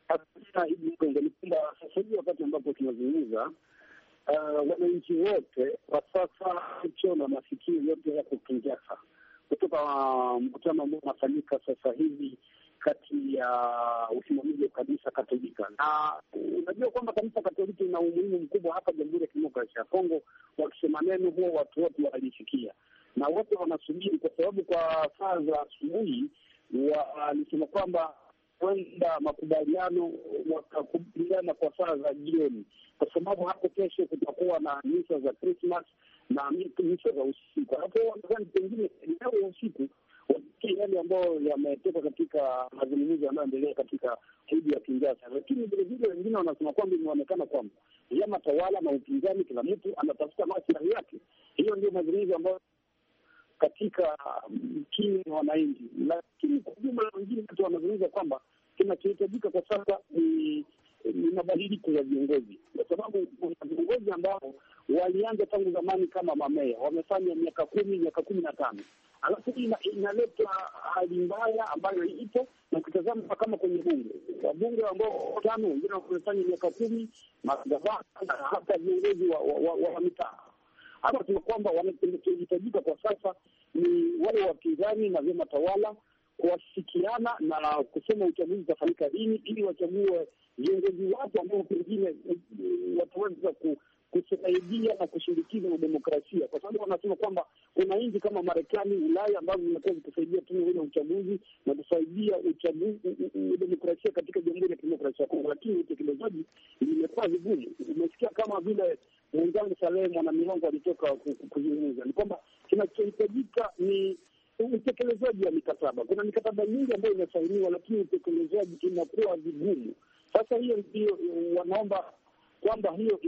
Sasa hivi wakati ambapo tunazungumza uh, wananchi wote kwa sasa icho na masikio yote yako Kinshasa, kutoka um, mkutano ambao unafanyika sasa hivi kati ya uh, usimamizi wa kanisa Katolika na unajua kwamba kanisa Katoliki ina umuhimu mkubwa hapa Jamhuri ya Kidemokrasia ya Kongo. Wakisema neno huo watu wote walisikia na wote wanasubiri, kwa sababu kwa saa za asubuhi walisema kwamba kwenda makubaliano wakakubaliana kwa saa za jioni, kwa sababu hapo kesho kutakuwa na misa za Krismas na misa za usiku. Hapo wanadhani pengine leo ya usiku wapitie yale ambayo yametoka katika mazungumzo yanayoendelea katika hiji ya Kinjasa. Lakini vilevile wengine wanasema kwamba imeonekana kwamba vyama tawala na upinzani, kila mtu anatafuta maslahi yake. Hiyo ndio mazungumzo ambayo katika mm, kini wananchi, lakini kwa jumla wengine wanazungumza kwamba kinachohitajika kwa sasa ni ni mabadiliko ya viongozi, kwa sababu kuna viongozi ambao walianza tangu zamani kama mameya, wamefanya miaka kumi, miaka kumi na tano, alafu hii inaleta hali mbaya ambayo ipo na ukitazama kama kwenye bunge, wabunge ambao tano, wengine wamefanya miaka kumi, magavana na hata viongozi wa, wa, wa, wa mitaa hapa tuna kwamba wanachohitajika kwa sasa ni wale wapinzani na vyama tawala kuwashikiana na kusema uchaguzi utafanyika lini, ili wachague viongozi wapo ambao pengine eh, wataweza kusaidia na kushirikiza na demokrasia, kwa sababu wanasema kwamba kuna nchi kama Marekani, Ulaya ambazo zimekuwa zikisaidia tume huru ya uchaguzi na kusaidia uchaguzi demokrasia katika Jamhuri ya Kidemokrasia ya Kongo, lakini utekelezaji imekuwa vigumu. Umesikia kama vile mwenzangu Salehe Mwanamilongo alitoka kuzungumza, ni kwamba kinachohitajika ni utekelezaji wa mikataba. Kuna mikataba mingi ambayo imesainiwa, lakini utekelezaji inakuwa vigumu. Sasa hiyo ndio wanaomba kwamba hiyo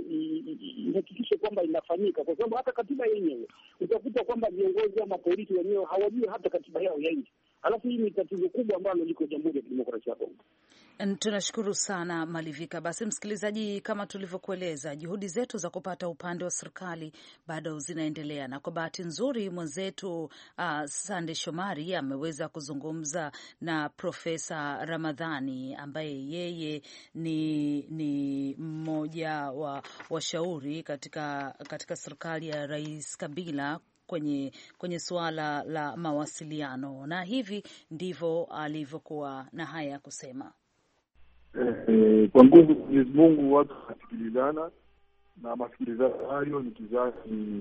ihakikishe kwamba inafanyika, kwa sababu hata katiba yenyewe utakuta kwamba viongozi ama polisi wenyewe hawajui hata katiba yao ya nchi alafu hii ni tatizo kubwa ambalo liko Jamhuri ya Kidemokrasia ya Kongo. Tunashukuru sana Malivika. Basi msikilizaji, kama tulivyokueleza, juhudi zetu za kupata upande wa serikali bado zinaendelea, na kwa bahati nzuri mwenzetu uh, Sande Shomari ameweza kuzungumza na Profesa Ramadhani ambaye yeye ni, ni mmoja wa washauri katika, katika serikali ya Rais Kabila kwenye, kwenye suala la mawasiliano, na hivi ndivyo alivyokuwa na haya ya kusema. Eh, kwa nguvu ya Mwenyezi Mungu watu wanasikilizana, na masikilizano hayo ni kizazi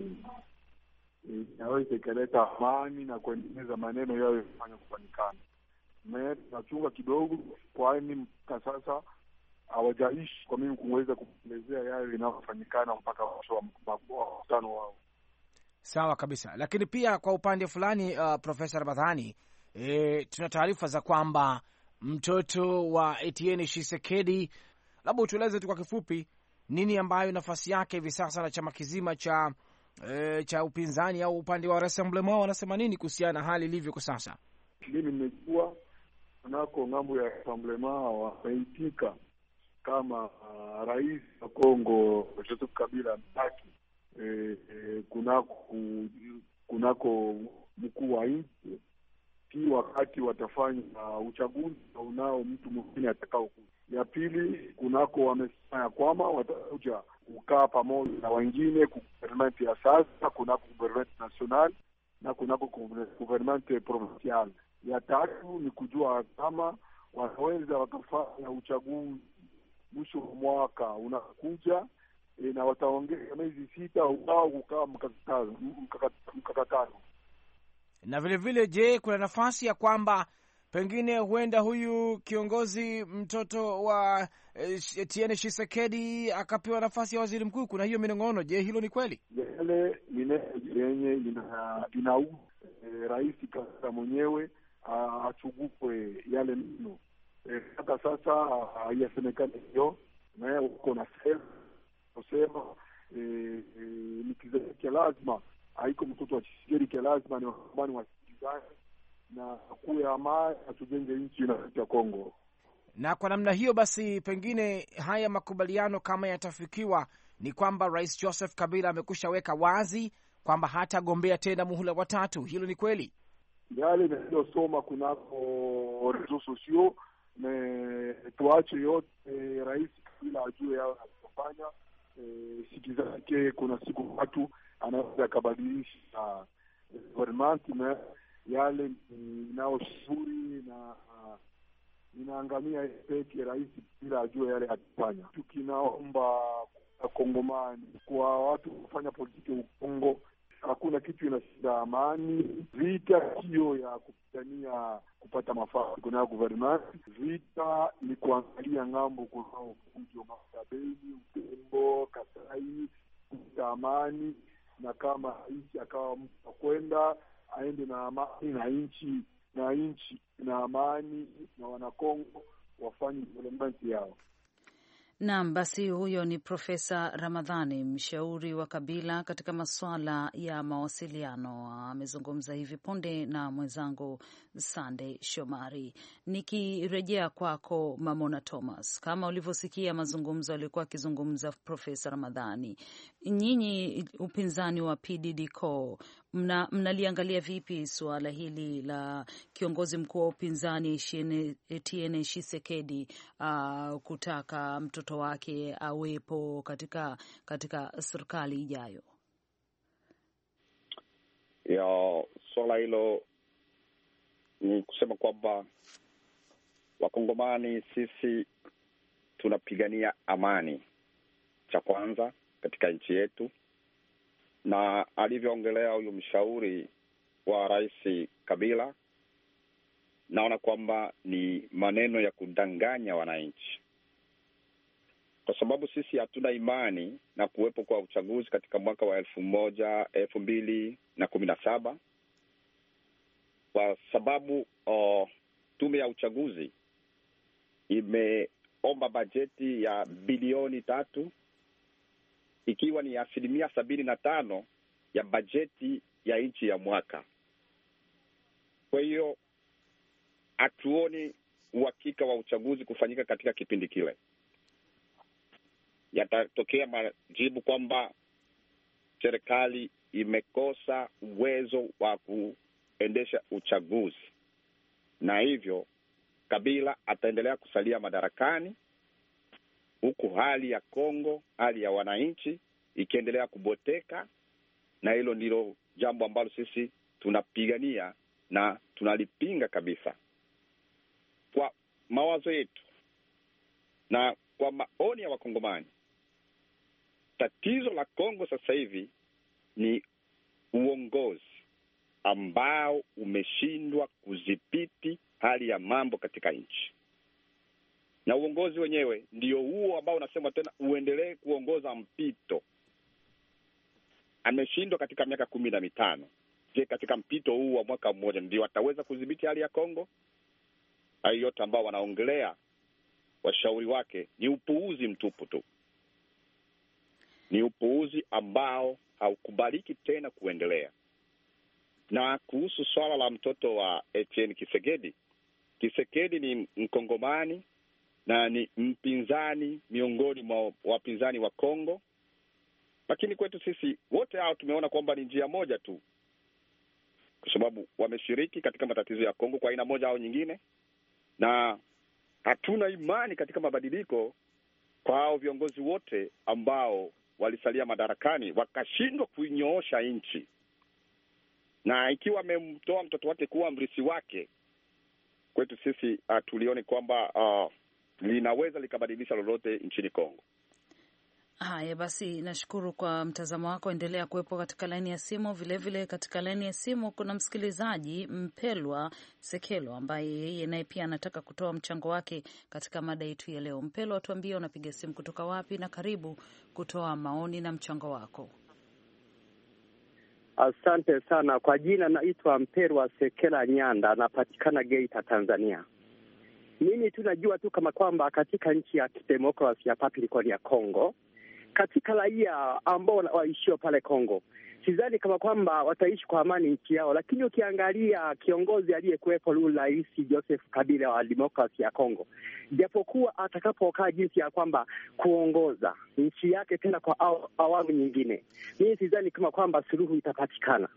eh, inaweza ikaleta amani na kuendeleza maneno yayo yafanya kufanikana. Tunachunga kidogo, kwani mpaka sasa hawajaishi kwa mimi kuweza kuelezea yayo inayofanyikana mpaka mwisho wa mkutano wao. Sawa kabisa, lakini pia kwa upande fulani uh, Profesa Ramadhani, e, tuna taarifa za kwamba mtoto wa Etienne Tshisekedi, labda utueleze tu kwa kifupi nini ambayo nafasi yake hivi sasa na chama kizima cha e, cha upinzani au upande wa Rassemblement wanasema nini kuhusiana na hali ilivyo kwa sasa? Mimi nimejua nako ng'ambo ya Rassemblement wameitika kama uh, rais wa Kongo Joseph Kabila mbaki eh, eh, kunako kunako mkuu wa nchi si wakati watafanya uchaguzi unao mtu mwingine atakao ya pili, kunako wamesema ya kwamba watakuja kukaa pamoja na wengine government ya sasa, kunako government national na kunako government provincial. Ya tatu ni kujua kama wanaweza wakafanya uchaguzi mwisho wa mwaka unakuja e, na wataongeza miezi sita wao kukaa mkakatano mkaka. Na vile vile, je, kuna nafasi ya kwamba pengine huenda huyu kiongozi mtoto wa e, eh, Tiene Shisekedi akapewa nafasi ya waziri mkuu? Kuna hiyo minong'ono. Je, hilo ni kweli? Yale ni yenye ina, e, eh, rais kaa mwenyewe achugukwe yale mno mpaka e, sasa ah, haiyasemekani hiyo na wako na sera kusema ni cha lazima, haiko mtoto wa chigeri cha lazima, ni wapambani wa na kuwe amani, atujenge nchi ya Kongo. Na kwa namna hiyo basi, pengine haya makubaliano kama yatafikiwa, ni kwamba Rais Joseph Kabila amekusha weka wazi kwamba hatagombea tena muhula watatu. Hilo ni kweli, yale naliyosoma kunako reseaux sociaux. Tuache yote, Rais Kabila ajue yao anayofanya e, eh, siki zake. Kuna siku watu anaweza akabadilisha government eh, na yale inayoshauri na eh, inaangamia peke rais bila ajue yale akifanya. Tukinaomba Kongomani kwa watu kufanya politiki ukongo hakuna kitu inashinda amani. Vita siyo ya kupigania kupata mafaiko nayo guvernmenti. Vita ni kuangalia ng'ambo kunao kujo Utembo, Kasai kuta amani, na kama raisi akawa mtu akwenda aende na amani na nchi na nchi na amani na Wanakongo wafanye development yao. Naam, basi huyo ni Profesa Ramadhani, mshauri wa Kabila katika masuala ya mawasiliano. Amezungumza hivi punde na mwenzangu Sande Shomari. Nikirejea kwako Mamona Thomas, kama ulivyosikia mazungumzo alikuwa akizungumza Profesa Ramadhani, nyinyi upinzani wa PDDCO mnaliangalia mna vipi suala hili la kiongozi mkuu wa upinzani Etienne Tshisekedi uh, kutaka mtoto wake awepo katika, katika serikali ijayo? ya suala hilo ni kusema kwamba Wakongomani sisi tunapigania amani, cha kwanza katika nchi yetu, na alivyoongelea huyu mshauri wa rais Kabila, naona kwamba ni maneno ya kudanganya wananchi, kwa sababu sisi hatuna imani na kuwepo kwa uchaguzi katika mwaka wa elfu moja elfu mbili na kumi na saba kwa sababu oh, tume ya uchaguzi imeomba bajeti ya bilioni tatu ikiwa ni asilimia sabini na tano ya bajeti ya nchi ya mwaka. Kwa hiyo hatuoni uhakika wa uchaguzi kufanyika katika kipindi kile. Yatatokea majibu kwamba serikali imekosa uwezo wa kuendesha uchaguzi, na hivyo Kabila ataendelea kusalia madarakani huku hali ya Kongo, hali ya wananchi ikiendelea kuboteka, na hilo ndilo jambo ambalo sisi tunapigania na tunalipinga kabisa. Kwa mawazo yetu na kwa maoni ya Wakongomani, tatizo la Kongo sasa hivi ni uongozi ambao umeshindwa kudhibiti hali ya mambo katika nchi na uongozi wenyewe ndio huo ambao unasema tena uendelee kuongoza mpito. Ameshindwa katika miaka kumi na mitano. Je, katika mpito huu wa mwaka mmoja ndio ataweza kudhibiti hali ya Kongo? Hayo yote ambao wanaongelea washauri wake ni upuuzi mtupu tu, ni upuuzi ambao haukubaliki tena kuendelea. Na kuhusu swala la mtoto wa Etienne Kisekedi, Kisekedi ni mkongomani na ni mpinzani miongoni mwa wapinzani wa Kongo, lakini kwetu sisi wote hao tumeona kwamba ni njia moja tu, kwa sababu wameshiriki katika matatizo ya Kongo kwa aina moja au nyingine, na hatuna imani katika mabadiliko kwa hao viongozi wote ambao walisalia madarakani wakashindwa kuinyoosha nchi, na ikiwa amemtoa mtoto wake kuwa mrisi wake, kwetu sisi ah, tulioni kwamba uh, linaweza likabadilisha lolote nchini Kongo. Haya basi, nashukuru kwa mtazamo wako. Endelea kuwepo katika laini ya simu. Vilevile vile katika laini ya simu kuna msikilizaji Mpelwa Sekelo ambaye yeye naye pia anataka kutoa mchango wake katika mada yetu ya leo. Mpelwa, tuambie unapiga simu kutoka wapi, na karibu kutoa maoni na mchango wako. Asante sana kwa jina, naitwa Mpelwa Sekela Nyanda, anapatikana Geita, Tanzania. Mimi tu najua tu kama kwamba katika nchi ya kidemokrasi ya papirikoni ya Kongo, katika raia ambao waishio pale Kongo, sidhani kama kwamba wataishi kwa amani nchi yao. Lakini ukiangalia kiongozi aliyekuwepo lu Rais Joseph Kabila wa demokrasi ya Kongo, japokuwa atakapokaa jinsi ya kwamba kuongoza nchi yake tena kwa awamu nyingine, mimi sidhani kama kwamba suluhu itapatikana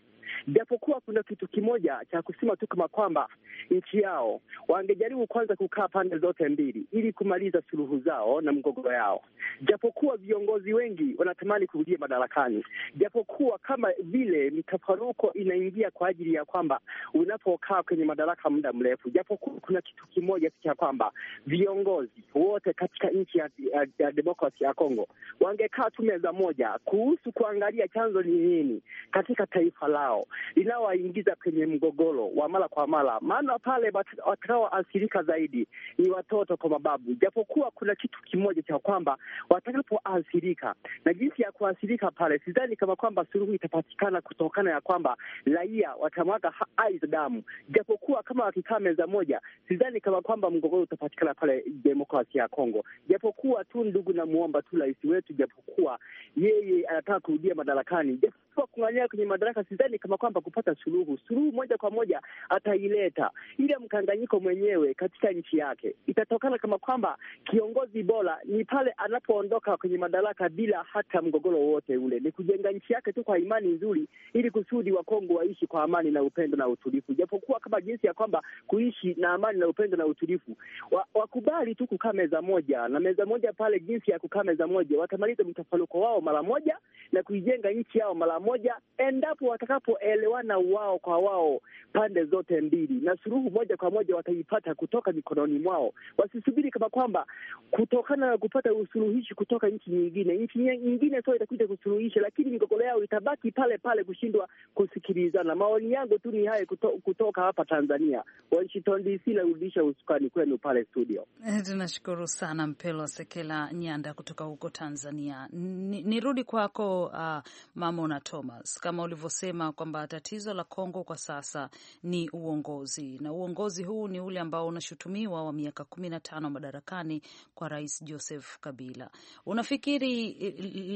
japokuwa kuna kitu kimoja cha kusema tu kama kwamba nchi yao wangejaribu kwanza kukaa pande zote mbili ili kumaliza suluhu zao na mgogoro yao, japokuwa viongozi wengi wanatamani kurudia madarakani, japokuwa kama vile mtafaruko inaingia kwa ajili ya kwamba unapokaa kwenye madaraka muda mrefu, japokuwa kuna kitu kimoja cha kwamba viongozi wote katika nchi ya, ya, ya demokrasi ya Kongo wangekaa tu meza moja kuhusu kuangalia chanzo ni nini katika taifa lao linawaingiza kwenye mgogoro wa mara kwa mara, maana pale watakaoathirika zaidi ni watoto kwa mababu, japokuwa kuna kitu kimoja cha kwamba watakapoathirika na jinsi ya kuathirika pale, sidhani kama kwamba suluhu itapatikana kutokana ya kwamba raia watamwaga hai za damu, japokuwa kama wakikaa meza moja, sidhani kama kwamba mgogoro utapatikana pale demokrasia ya Kongo, japokuwa tu ndugu, namuomba tu rais wetu, japokuwa yeye anataka kurudia madarakani, japokuwa kung'ang'ania kwenye madaraka, sidhani kama kusema kwamba kupata suluhu, suluhu moja kwa moja ataileta ile mkanganyiko mwenyewe katika nchi yake itatokana kama kwamba kiongozi bora ni pale anapoondoka kwenye madaraka bila hata mgogoro wowote ule, ni kujenga nchi yake tu kwa imani nzuri, ili kusudi Wakongo waishi kwa amani na upendo na utulivu, japokuwa kama jinsi ya kwamba kuishi na amani na upendo na utulivu, wa, wakubali tu kukaa meza moja na meza moja pale, jinsi ya kukaa meza moja watamaliza mtafaruko wao mara moja na kuijenga nchi yao mara moja, endapo watakapo wataelewana wao kwa wao, pande zote mbili, na suluhu moja kwa moja wataipata kutoka mikononi mwao. Wasisubiri kama kwamba kutokana na kupata usuluhishi kutoka nchi nyingine, nchi nyingine so itakuja kusuluhisha, lakini migogoro yao itabaki pale pale, kushindwa kusikilizana. Maoni yangu tu ni hayo kuto, kutoka hapa Tanzania, Washington DC. Narudisha usukani kwenu pale studio. Eh, tunashukuru sana Mpelo Sekela Nyanda kutoka huko Tanzania. Nirudi kwako, uh, ah, Mamona Thomas, kama ulivyosema kwamba kwamba tatizo la Kongo kwa sasa ni uongozi, na uongozi huu ni ule ambao unashutumiwa wa miaka kumi na tano madarakani kwa Rais Joseph Kabila. Unafikiri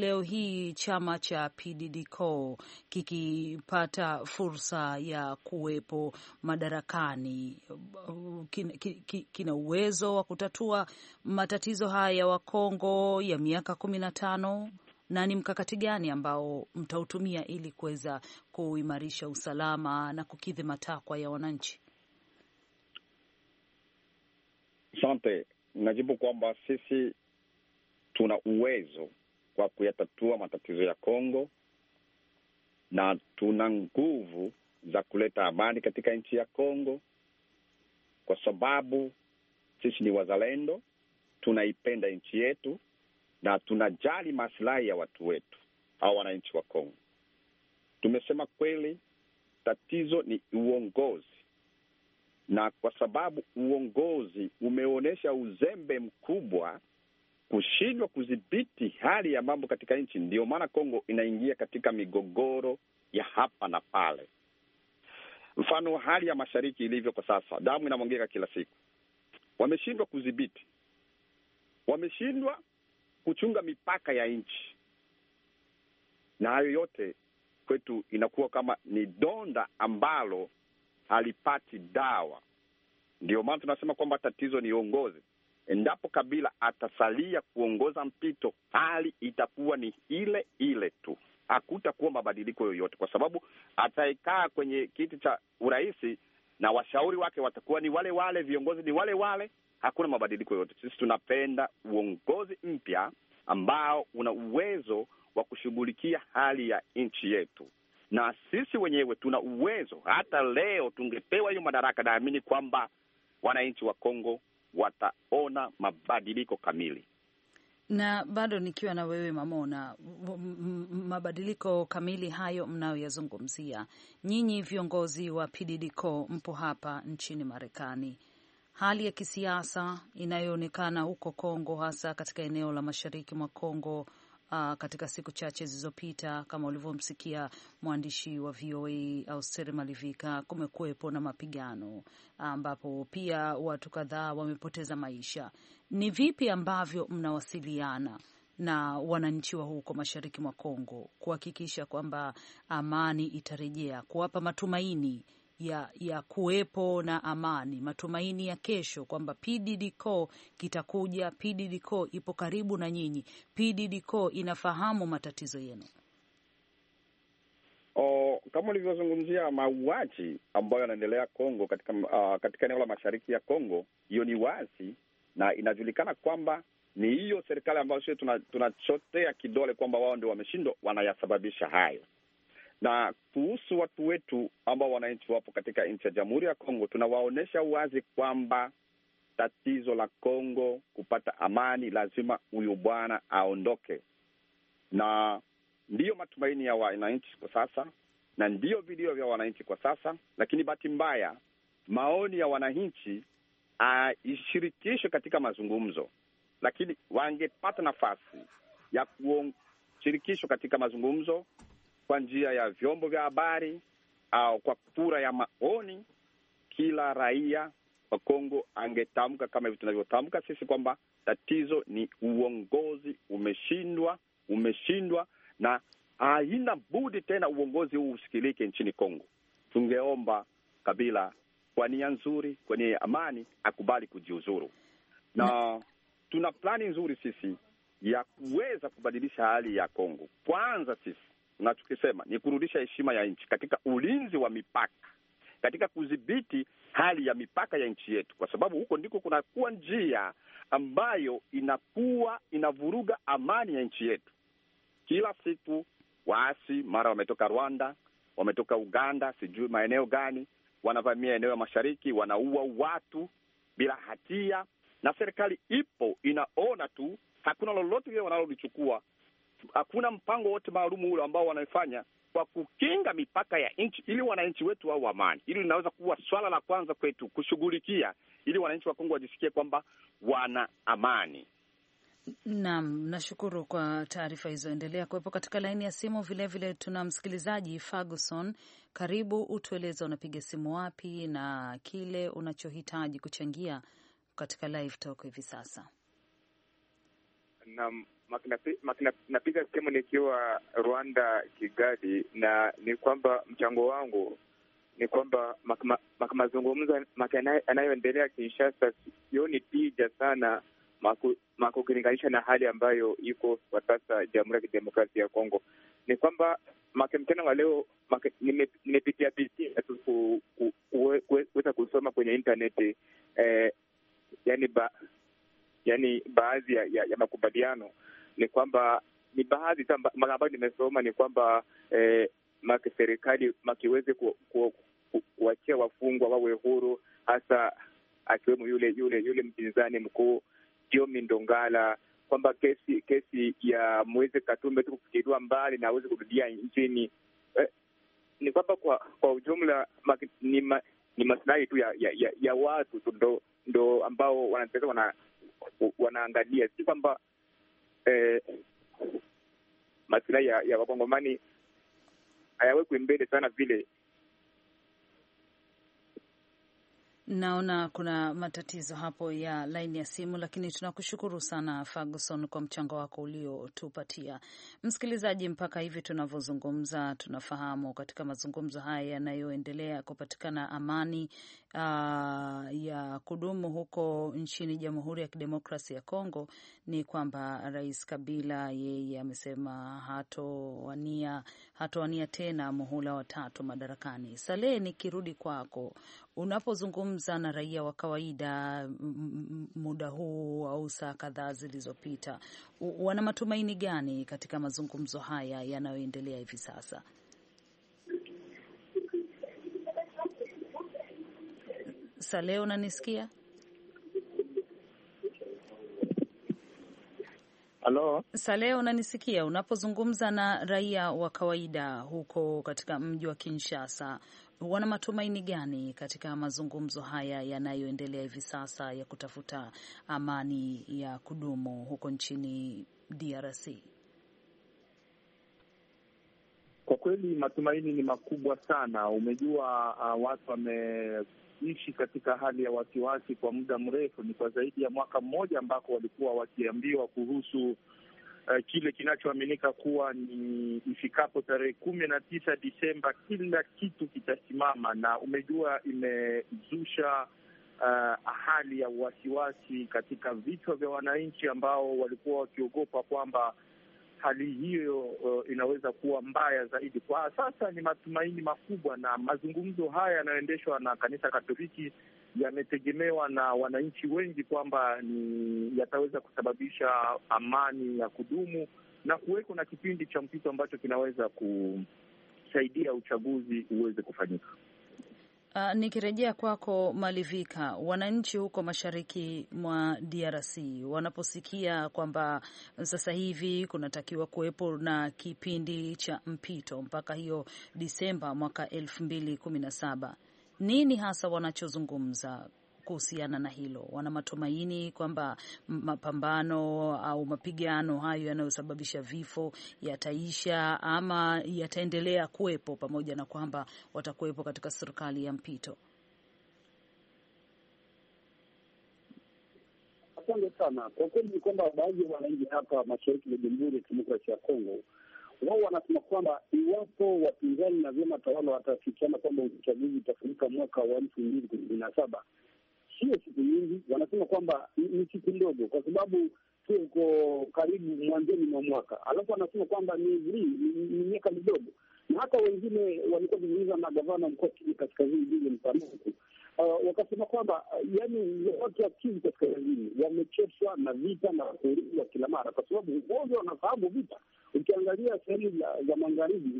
leo hii chama cha PDDCO kikipata fursa ya kuwepo madarakani kina, uwezo wa kutatua matatizo haya wa Kongo ya miaka kumi na tano? na ni mkakati gani ambao mtautumia ili kuweza kuimarisha usalama na kukidhi matakwa ya wananchi? Asante. Najibu kwamba sisi tuna uwezo wa kuyatatua matatizo ya Kongo na tuna nguvu za kuleta amani katika nchi ya Kongo kwa sababu sisi ni wazalendo, tunaipenda nchi yetu na tunajali maslahi ya watu wetu au wananchi wa Kongo. Tumesema kweli, tatizo ni uongozi, na kwa sababu uongozi umeonyesha uzembe mkubwa, kushindwa kudhibiti hali ya mambo katika nchi, ndiyo maana Kongo inaingia katika migogoro ya hapa na pale. Mfano, hali ya mashariki ilivyo kwa sasa, damu inamwangika kila siku. Wameshindwa kudhibiti, wameshindwa kuchunga mipaka ya nchi, na hayo yote kwetu inakuwa kama ni donda ambalo halipati dawa. Ndio maana tunasema kwamba tatizo ni uongozi. Endapo Kabila atasalia kuongoza mpito, hali itakuwa ni ile ile tu, hakutakuwa mabadiliko yoyote, kwa sababu ataekaa kwenye kiti cha urais na washauri wake watakuwa ni wale wale, viongozi ni wale wale, hakuna mabadiliko yote Sisi tunapenda uongozi mpya ambao una uwezo wa kushughulikia hali ya nchi yetu, na sisi wenyewe tuna uwezo. Hata leo tungepewa hiyo madaraka, naamini kwamba wananchi wa Kongo wataona mabadiliko kamili na bado nikiwa na wewe Mamona, mabadiliko kamili hayo mnayoyazungumzia nyinyi, viongozi wa PDDCO mpo hapa nchini Marekani, hali ya kisiasa inayoonekana huko Kongo, hasa katika eneo la mashariki mwa Kongo. Uh, katika siku chache zilizopita kama ulivyomsikia mwandishi wa VOA Austeri Malivika, kumekuwepo na mapigano ambapo pia watu kadhaa wamepoteza maisha. Ni vipi ambavyo mnawasiliana na wananchi wa huko mashariki mwa Kongo kuhakikisha kwamba amani itarejea, kuwapa matumaini ya, ya kuwepo na amani, matumaini ya kesho kwamba PDDCO kitakuja. PDDCO ipo karibu na nyinyi, PDDCO inafahamu matatizo yenu. O, kama ulivyozungumzia mauaji ambayo yanaendelea Kongo katika uh, katika eneo la mashariki ya Kongo, hiyo ni wazi na inajulikana kwamba ni hiyo serikali ambayo sio tunachotea tuna kidole kwamba wao ndio wameshindwa, wanayasababisha hayo na kuhusu watu wetu ambao wananchi wapo katika nchi ya Jamhuri ya Kongo, tunawaonyesha wazi kwamba tatizo la Kongo kupata amani, lazima huyu bwana aondoke, na ndiyo matumaini ya wananchi kwa sasa na ndiyo vilio vya wananchi kwa sasa. Lakini bahati mbaya, maoni ya wananchi aishirikishwe katika mazungumzo, lakini wangepata nafasi ya kushirikishwa katika mazungumzo kwa njia ya vyombo vya habari au kwa kura ya maoni, kila raia wa Kongo angetamka kama hivi tunavyotamka sisi kwamba tatizo ni uongozi umeshindwa, umeshindwa na haina budi tena uongozi huu usikilike nchini Kongo. Tungeomba Kabila kwa nia nzuri, kwa nia ya amani, akubali kujiuzuru na, na tuna plani nzuri sisi ya kuweza kubadilisha hali ya Kongo. Kwanza sisi tunachokisema ni kurudisha heshima ya nchi katika ulinzi wa mipaka, katika kudhibiti hali ya mipaka ya nchi yetu, kwa sababu huko ndiko kunakuwa njia ambayo inakuwa inavuruga amani ya nchi yetu. Kila siku waasi, mara wametoka Rwanda, wametoka Uganda, sijui maeneo gani, wanavamia eneo ya mashariki, wanaua watu bila hatia, na serikali ipo inaona tu, hakuna lolote lile wanalolichukua hakuna mpango wote maalumu ule ambao wanaifanya kwa kukinga mipaka ya nchi ili wananchi wetu wawe amani. Hili linaweza kuwa swala la kwanza kwetu kushughulikia, ili wananchi wa Kongo wajisikie kwamba wana amani. Naam, nashukuru kwa taarifa hizo. Endelea kuwepo katika laini ya simu. Vilevile tuna msikilizaji Ferguson, karibu utueleze unapiga simu wapi na kile unachohitaji kuchangia katika live talk hivi sasa. Naam, napiga simu nikiwa Rwanda, Kigali, na ni kwamba mchango wangu ni kwamba mazungumzo yanayoendelea Kinshasa sioni tija sana makukilinganisha na hali ambayo iko kwa sasa Jamhuri ya Kidemokrasia ya Kongo. Ni kwamba mkutano wa leo nimepitia pitia tu kuweza kusoma kwenye intaneti eh, yani ba, yani baadhi ya, ya, ya makubaliano ni kwamba ni baadhi ambayo nimesoma ni kwamba eh, serikali makiweze kuwachia wafungwa wawe huru, hasa akiwemo yule yule yule mpinzani mkuu Jomi Ndongala, kwamba kesi kesi ya mwezi Katumbe tu kufutiliwa mbali na aweze kurudia nchini. Eh, ni kwamba kwa kwa ujumla maki, ni, ma, ni masilahi tu ya, ya, ya, ya watu tu ndo ambao wanatesa wana, wanaangalia, si kwamba eh, masilahi ya wakongomani hayawekwi mbele sana vile Naona kuna matatizo hapo ya laini ya simu, lakini tunakushukuru sana Ferguson kwa mchango wako uliotupatia. Msikilizaji, mpaka hivi tunavyozungumza, tunafahamu katika mazungumzo haya yanayoendelea kupatikana amani uh, ya kudumu huko nchini Jamhuri ya kidemokrasi ya Kongo ni kwamba Rais Kabila yeye amesema hatowania hatowania tena muhula watatu madarakani. Salehe, nikirudi kwako unapozungumza na raia wa kawaida muda huu au saa kadhaa zilizopita, wana matumaini gani katika mazungumzo haya yanayoendelea hivi sasa? Saleh, unanisikia? Halo Saleh, unanisikia? Unapozungumza na raia wa kawaida huko katika mji wa Kinshasa, wana matumaini gani katika mazungumzo haya yanayoendelea hivi sasa ya kutafuta amani ya kudumu huko nchini DRC? Kwa kweli matumaini ni makubwa sana. Umejua uh, watu wameishi katika hali ya wasiwasi kwa muda mrefu, ni kwa zaidi ya mwaka mmoja ambako walikuwa wakiambiwa kuhusu uh, kile kinachoaminika kuwa ni ifikapo tarehe kumi na tisa Disemba kila kitu kitasimama, na umejua imezusha uh, hali ya wasiwasi katika vichwa vya wananchi ambao walikuwa wakiogopa kwamba hali hiyo uh, inaweza kuwa mbaya zaidi. Kwa sasa ni matumaini makubwa, na mazungumzo haya yanayoendeshwa na Kanisa Katoliki yametegemewa na wananchi wengi kwamba ni yataweza kusababisha amani ya kudumu na kuweko na kipindi cha mpito ambacho kinaweza kusaidia uchaguzi uweze kufanyika. Uh, nikirejea kwako Malivika, wananchi huko mashariki mwa DRC wanaposikia kwamba sasa hivi kunatakiwa kuwepo na kipindi cha mpito mpaka hiyo Disemba mwaka elfu mbili kumi na saba nini hasa wanachozungumza kuhusiana na hilo? Wana matumaini kwamba mapambano au mapigano hayo yanayosababisha vifo yataisha ama yataendelea kuwepo, pamoja na kwamba watakuwepo katika serikali ya mpito? Asante sana. Kwa kweli ni kwamba baadhi ya wananchi hapa mashariki ya Jamhuri ya Kidemokrasia ya Kongo wao wanasema kwamba iwapo wapinzani na vyama tawala watafikiana kwamba uchaguzi utafanyika mwaka wa elfu mbili kumi na saba sio siku nyingi. Wanasema kwamba ni siku ndogo, kwa sababu uko karibu mwanzoni mwa mwaka, alafu wanasema kwamba ni miaka midogo na hata wengine walikuwa zungumza na gavana wa Kivu Kaskazini Jiji Mpanduku, uh, wakasema kwamba uh, yani watu wa Kivu Kaskazini wamechoshwa na vita na kuuliwa kila mara, kwa sababu ugonjwa wanafahamu vita. Ukiangalia sehemu za magharibi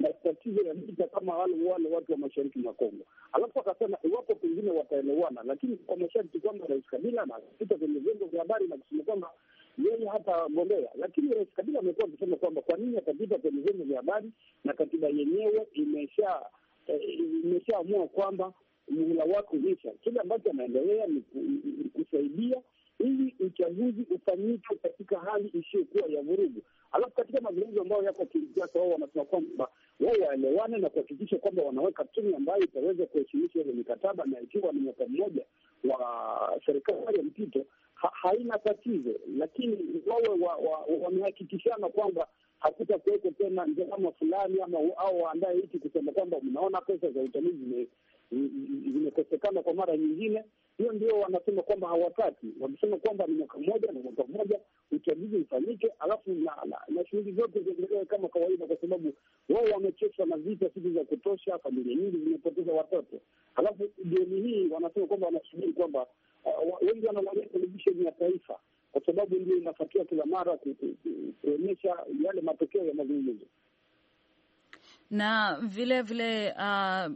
na tatizo ya vita kama wale wale watu wa mashariki mwa Kongo. Alafu akasema iwapo pengine wataelewana, lakini kwa masharti kwamba Rais Kabila anapita kwenye vyombo vya habari na kusema kwamba yeye hatagombea. Lakini Rais Kabila amekuwa akisema kwamba kwa nini atapita kwenye vyombo vya habari, na katiba yenyewe imesha eh, imeshaamua kwamba muhula wake uisha. Kile ambacho anaendelea ni kusaidia ili uchaguzi ufanyike katika hali isiyokuwa ya vurugu. Alafu katika mazungumzo ambayo yako kisiasa, wao wanasema kwamba wao waelewane na kuhakikisha kwamba wanaweka tumi ambayo itaweza kuheshimisha ile mikataba, na ikiwa ni mwaka mmoja wa serikali ya mpito ha, haina tatizo, lakini wawe wamehakikishana wa, wa kwamba hakuta kuweko tena njama fulani ama au waandae hiki kusema kwamba mnaona pesa za utalii zimekosekana kwa mara nyingine hiyo ndio wanasema kwamba hawataki, wakisema kwamba ni mwaka mmoja na mwaka mmoja uchaguzi ufanyike, alafu na, na, na shughuli zote ziendelee kama kawaida, kwa sababu wao wamecheshwa na vita siku za kutosha. Familia nyingi zimepoteza watoto, alafu jioni hii wanasema kwamba wanasubiri kwamba uh, wengi wanaangalia televisheni ya taifa, kwa sababu ndio inafuatiwa kila mara kuonyesha yale matokeo ya mazungumzo na vile vile uh,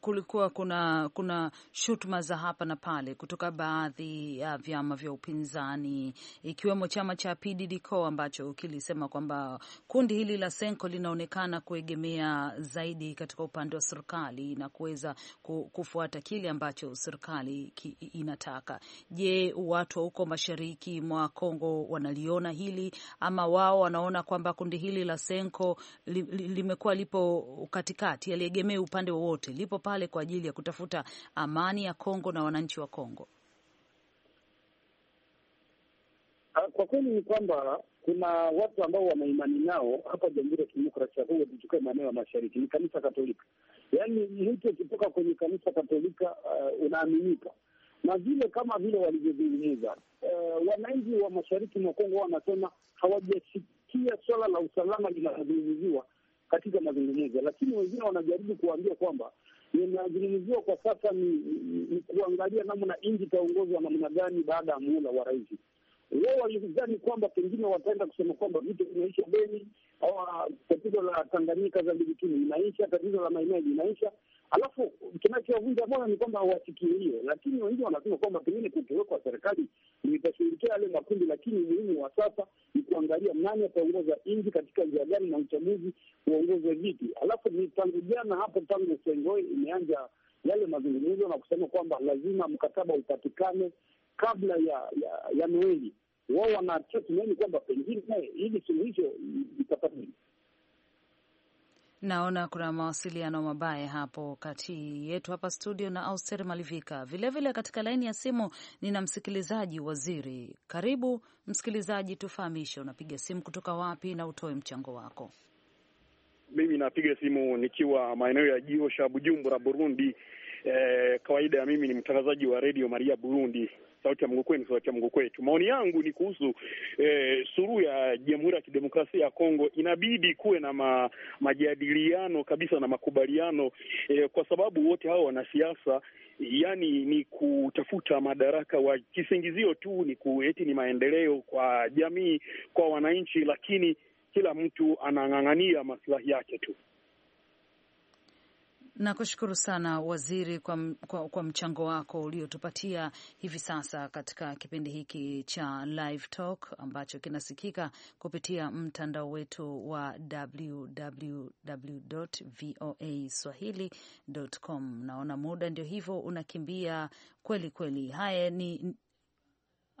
kulikuwa kuna kuna shutuma za hapa na pale kutoka baadhi ya uh, vyama vya upinzani ikiwemo chama cha PDDCO ambacho kilisema kwamba kundi hili la Senko linaonekana kuegemea zaidi katika upande wa serikali na kuweza kufuata kile ambacho serikali inataka. Je, watu wa huko mashariki mwa Kongo wanaliona hili ama wao wanaona kwamba kundi hili la Senko limekuwa lipo katikati, aliegemea upande wowote, lipo pale kwa ajili ya kutafuta amani ya Kongo na wananchi wa Kongo. Ah, kwa kweli ni kwamba kuna watu ambao wana imani nao hapa Jamhuri ya Kidemokrasia ya Kongo, tuchukue maeneo ya mashariki, ni kanisa Katolika. Yaani mtu akitoka kwenye kanisa Katolika uh, unaaminika na vile kama vile walivyozungumza uh, wananchi wa mashariki mwa Kongo wanasema hawajasikia swala la usalama linazungumziwa katika mazungumzo, lakini wengine wanajaribu kuambia kwamba inazungumziwa kwa sasa ni, ni, kuangalia namna nchi itaongozwa namna gani baada ya muhula wa rais. Wao walidhani kwamba pengine wataenda kusema kwamba vitu vinaisha Beni au ah, tatizo la Tanganyika za ligitini inaisha, tatizo la maeneo inaisha, alafu kinachovunja moyo ni kwamba hiyo, Lakini wengi wanasema kwamba pengine kukiwekwa serikali itashughulikia yale makundi, lakini umuhimu wa sasa ni kuangalia nani ataongoza nchi katika njia gani na uchaguzi uongoze vipi? Alafu ni tangu jana hapo, tangu Sengoi imeanja yale mazungumzo na kusema kwamba lazima mkataba upatikane kabla ya ya, ya Noeli. Wao wanatia tumaini kwamba pengine hili suluhisho litapatikana. Naona kuna mawasiliano mabaya hapo kati yetu hapa studio na Auster Malivika. Vilevile vile katika laini ya simu nina msikilizaji Waziri. Karibu msikilizaji, tufahamishe unapiga simu kutoka wapi na utoe mchango wako mimi napiga simu nikiwa maeneo ya jiosha Bujumbura, Burundi. Eh, kawaida ya mimi ni mtangazaji wa redio Maria Burundi, sauti ya Mungu kwenu, sauti ya Mungu kwetu. Maoni yangu ni kuhusu eh, suruhu ya Jamhuri ya Kidemokrasia ya Kongo. Inabidi kuwe na ma, majadiliano kabisa na makubaliano eh, kwa sababu wote hao wanasiasa yani ni kutafuta madaraka wa kisingizio tu ni kueti ni maendeleo kwa jamii, kwa wananchi, lakini kila mtu anang'ang'ania maslahi yake tu. Nakushukuru sana waziri kwa, kwa, kwa mchango wako uliotupatia hivi sasa katika kipindi hiki cha Live Talk ambacho kinasikika kupitia mtandao wetu wa www.voaswahili.com. Naona muda ndio hivyo unakimbia kweli kweli. Haya ni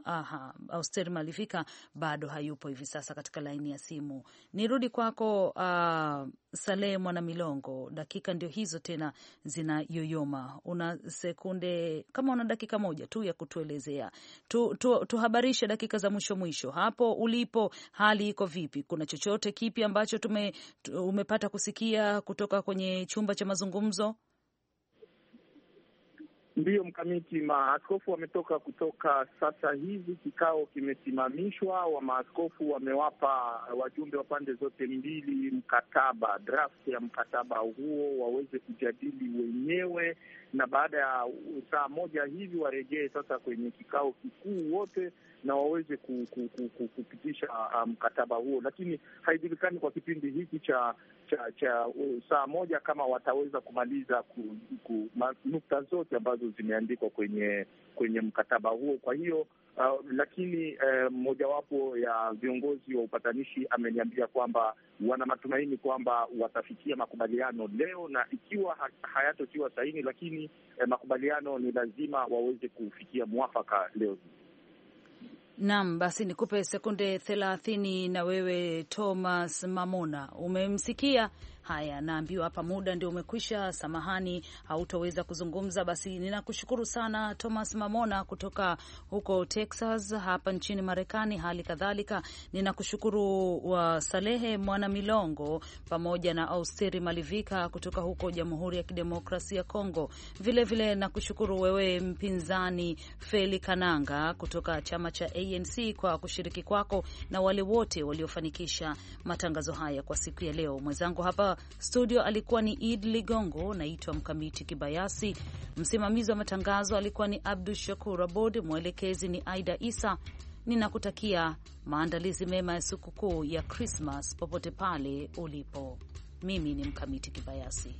Aha, Auster Malivika bado hayupo hivi sasa katika laini ya simu. Nirudi kwako uh, Salehe Mwana Milongo, dakika ndio hizo tena zinayoyoma. Una sekunde kama una dakika moja tu ya kutuelezea tu, tu, tuhabarishe dakika za mwisho mwisho hapo ulipo, hali iko vipi? Kuna chochote kipi ambacho tume, umepata kusikia kutoka kwenye chumba cha mazungumzo? Ndiyo mkamiti, maaskofu wametoka kutoka. Sasa hivi kikao kimesimamishwa, wa maaskofu wamewapa wajumbe wa pande zote mbili mkataba, draft ya mkataba huo waweze kujadili wenyewe, na baada ya saa moja hivi warejee sasa kwenye kikao kikuu wote na waweze ku, ku, ku, ku, kupitisha ah, mkataba um, huo, lakini haijulikani kwa kipindi hiki cha cha, cha uh, saa moja kama wataweza kumaliza ku, ku, ma, nukta zote ambazo zimeandikwa kwenye kwenye mkataba huo. Kwa hiyo uh, lakini mmojawapo eh, um, ya viongozi wa upatanishi ameniambia kwamba wana matumaini kwamba watafikia makubaliano leo, na ikiwa hayatotiwa saini, lakini eh, makubaliano ni lazima waweze kufikia mwafaka leo hii. Naam, basi nikupe sekunde thelathini na wewe Thomas Mamona. Umemsikia Haya, naambiwa hapa muda ndio umekwisha, samahani, hautoweza kuzungumza. Basi ninakushukuru sana Thomas Mamona kutoka huko Texas hapa nchini Marekani. Hali kadhalika ninakushukuru wa Salehe Mwana Milongo pamoja na Austeri Malivika kutoka huko Jamhuri ya Kidemokrasia ya Kongo. Vilevile nakushukuru wewe mpinzani Feli Kananga kutoka chama cha ANC kwa kushiriki kwako na wale wote waliofanikisha matangazo haya kwa siku ya leo. Mwenzangu hapa studio alikuwa ni Id Ligongo, naitwa Mkamiti Kibayasi, msimamizi wa matangazo alikuwa ni Abdu Shakur Abod, mwelekezi ni Aida Isa. Ninakutakia maandalizi mema ya sikukuu ya Krismas popote pale ulipo. Mimi ni Mkamiti Kibayasi.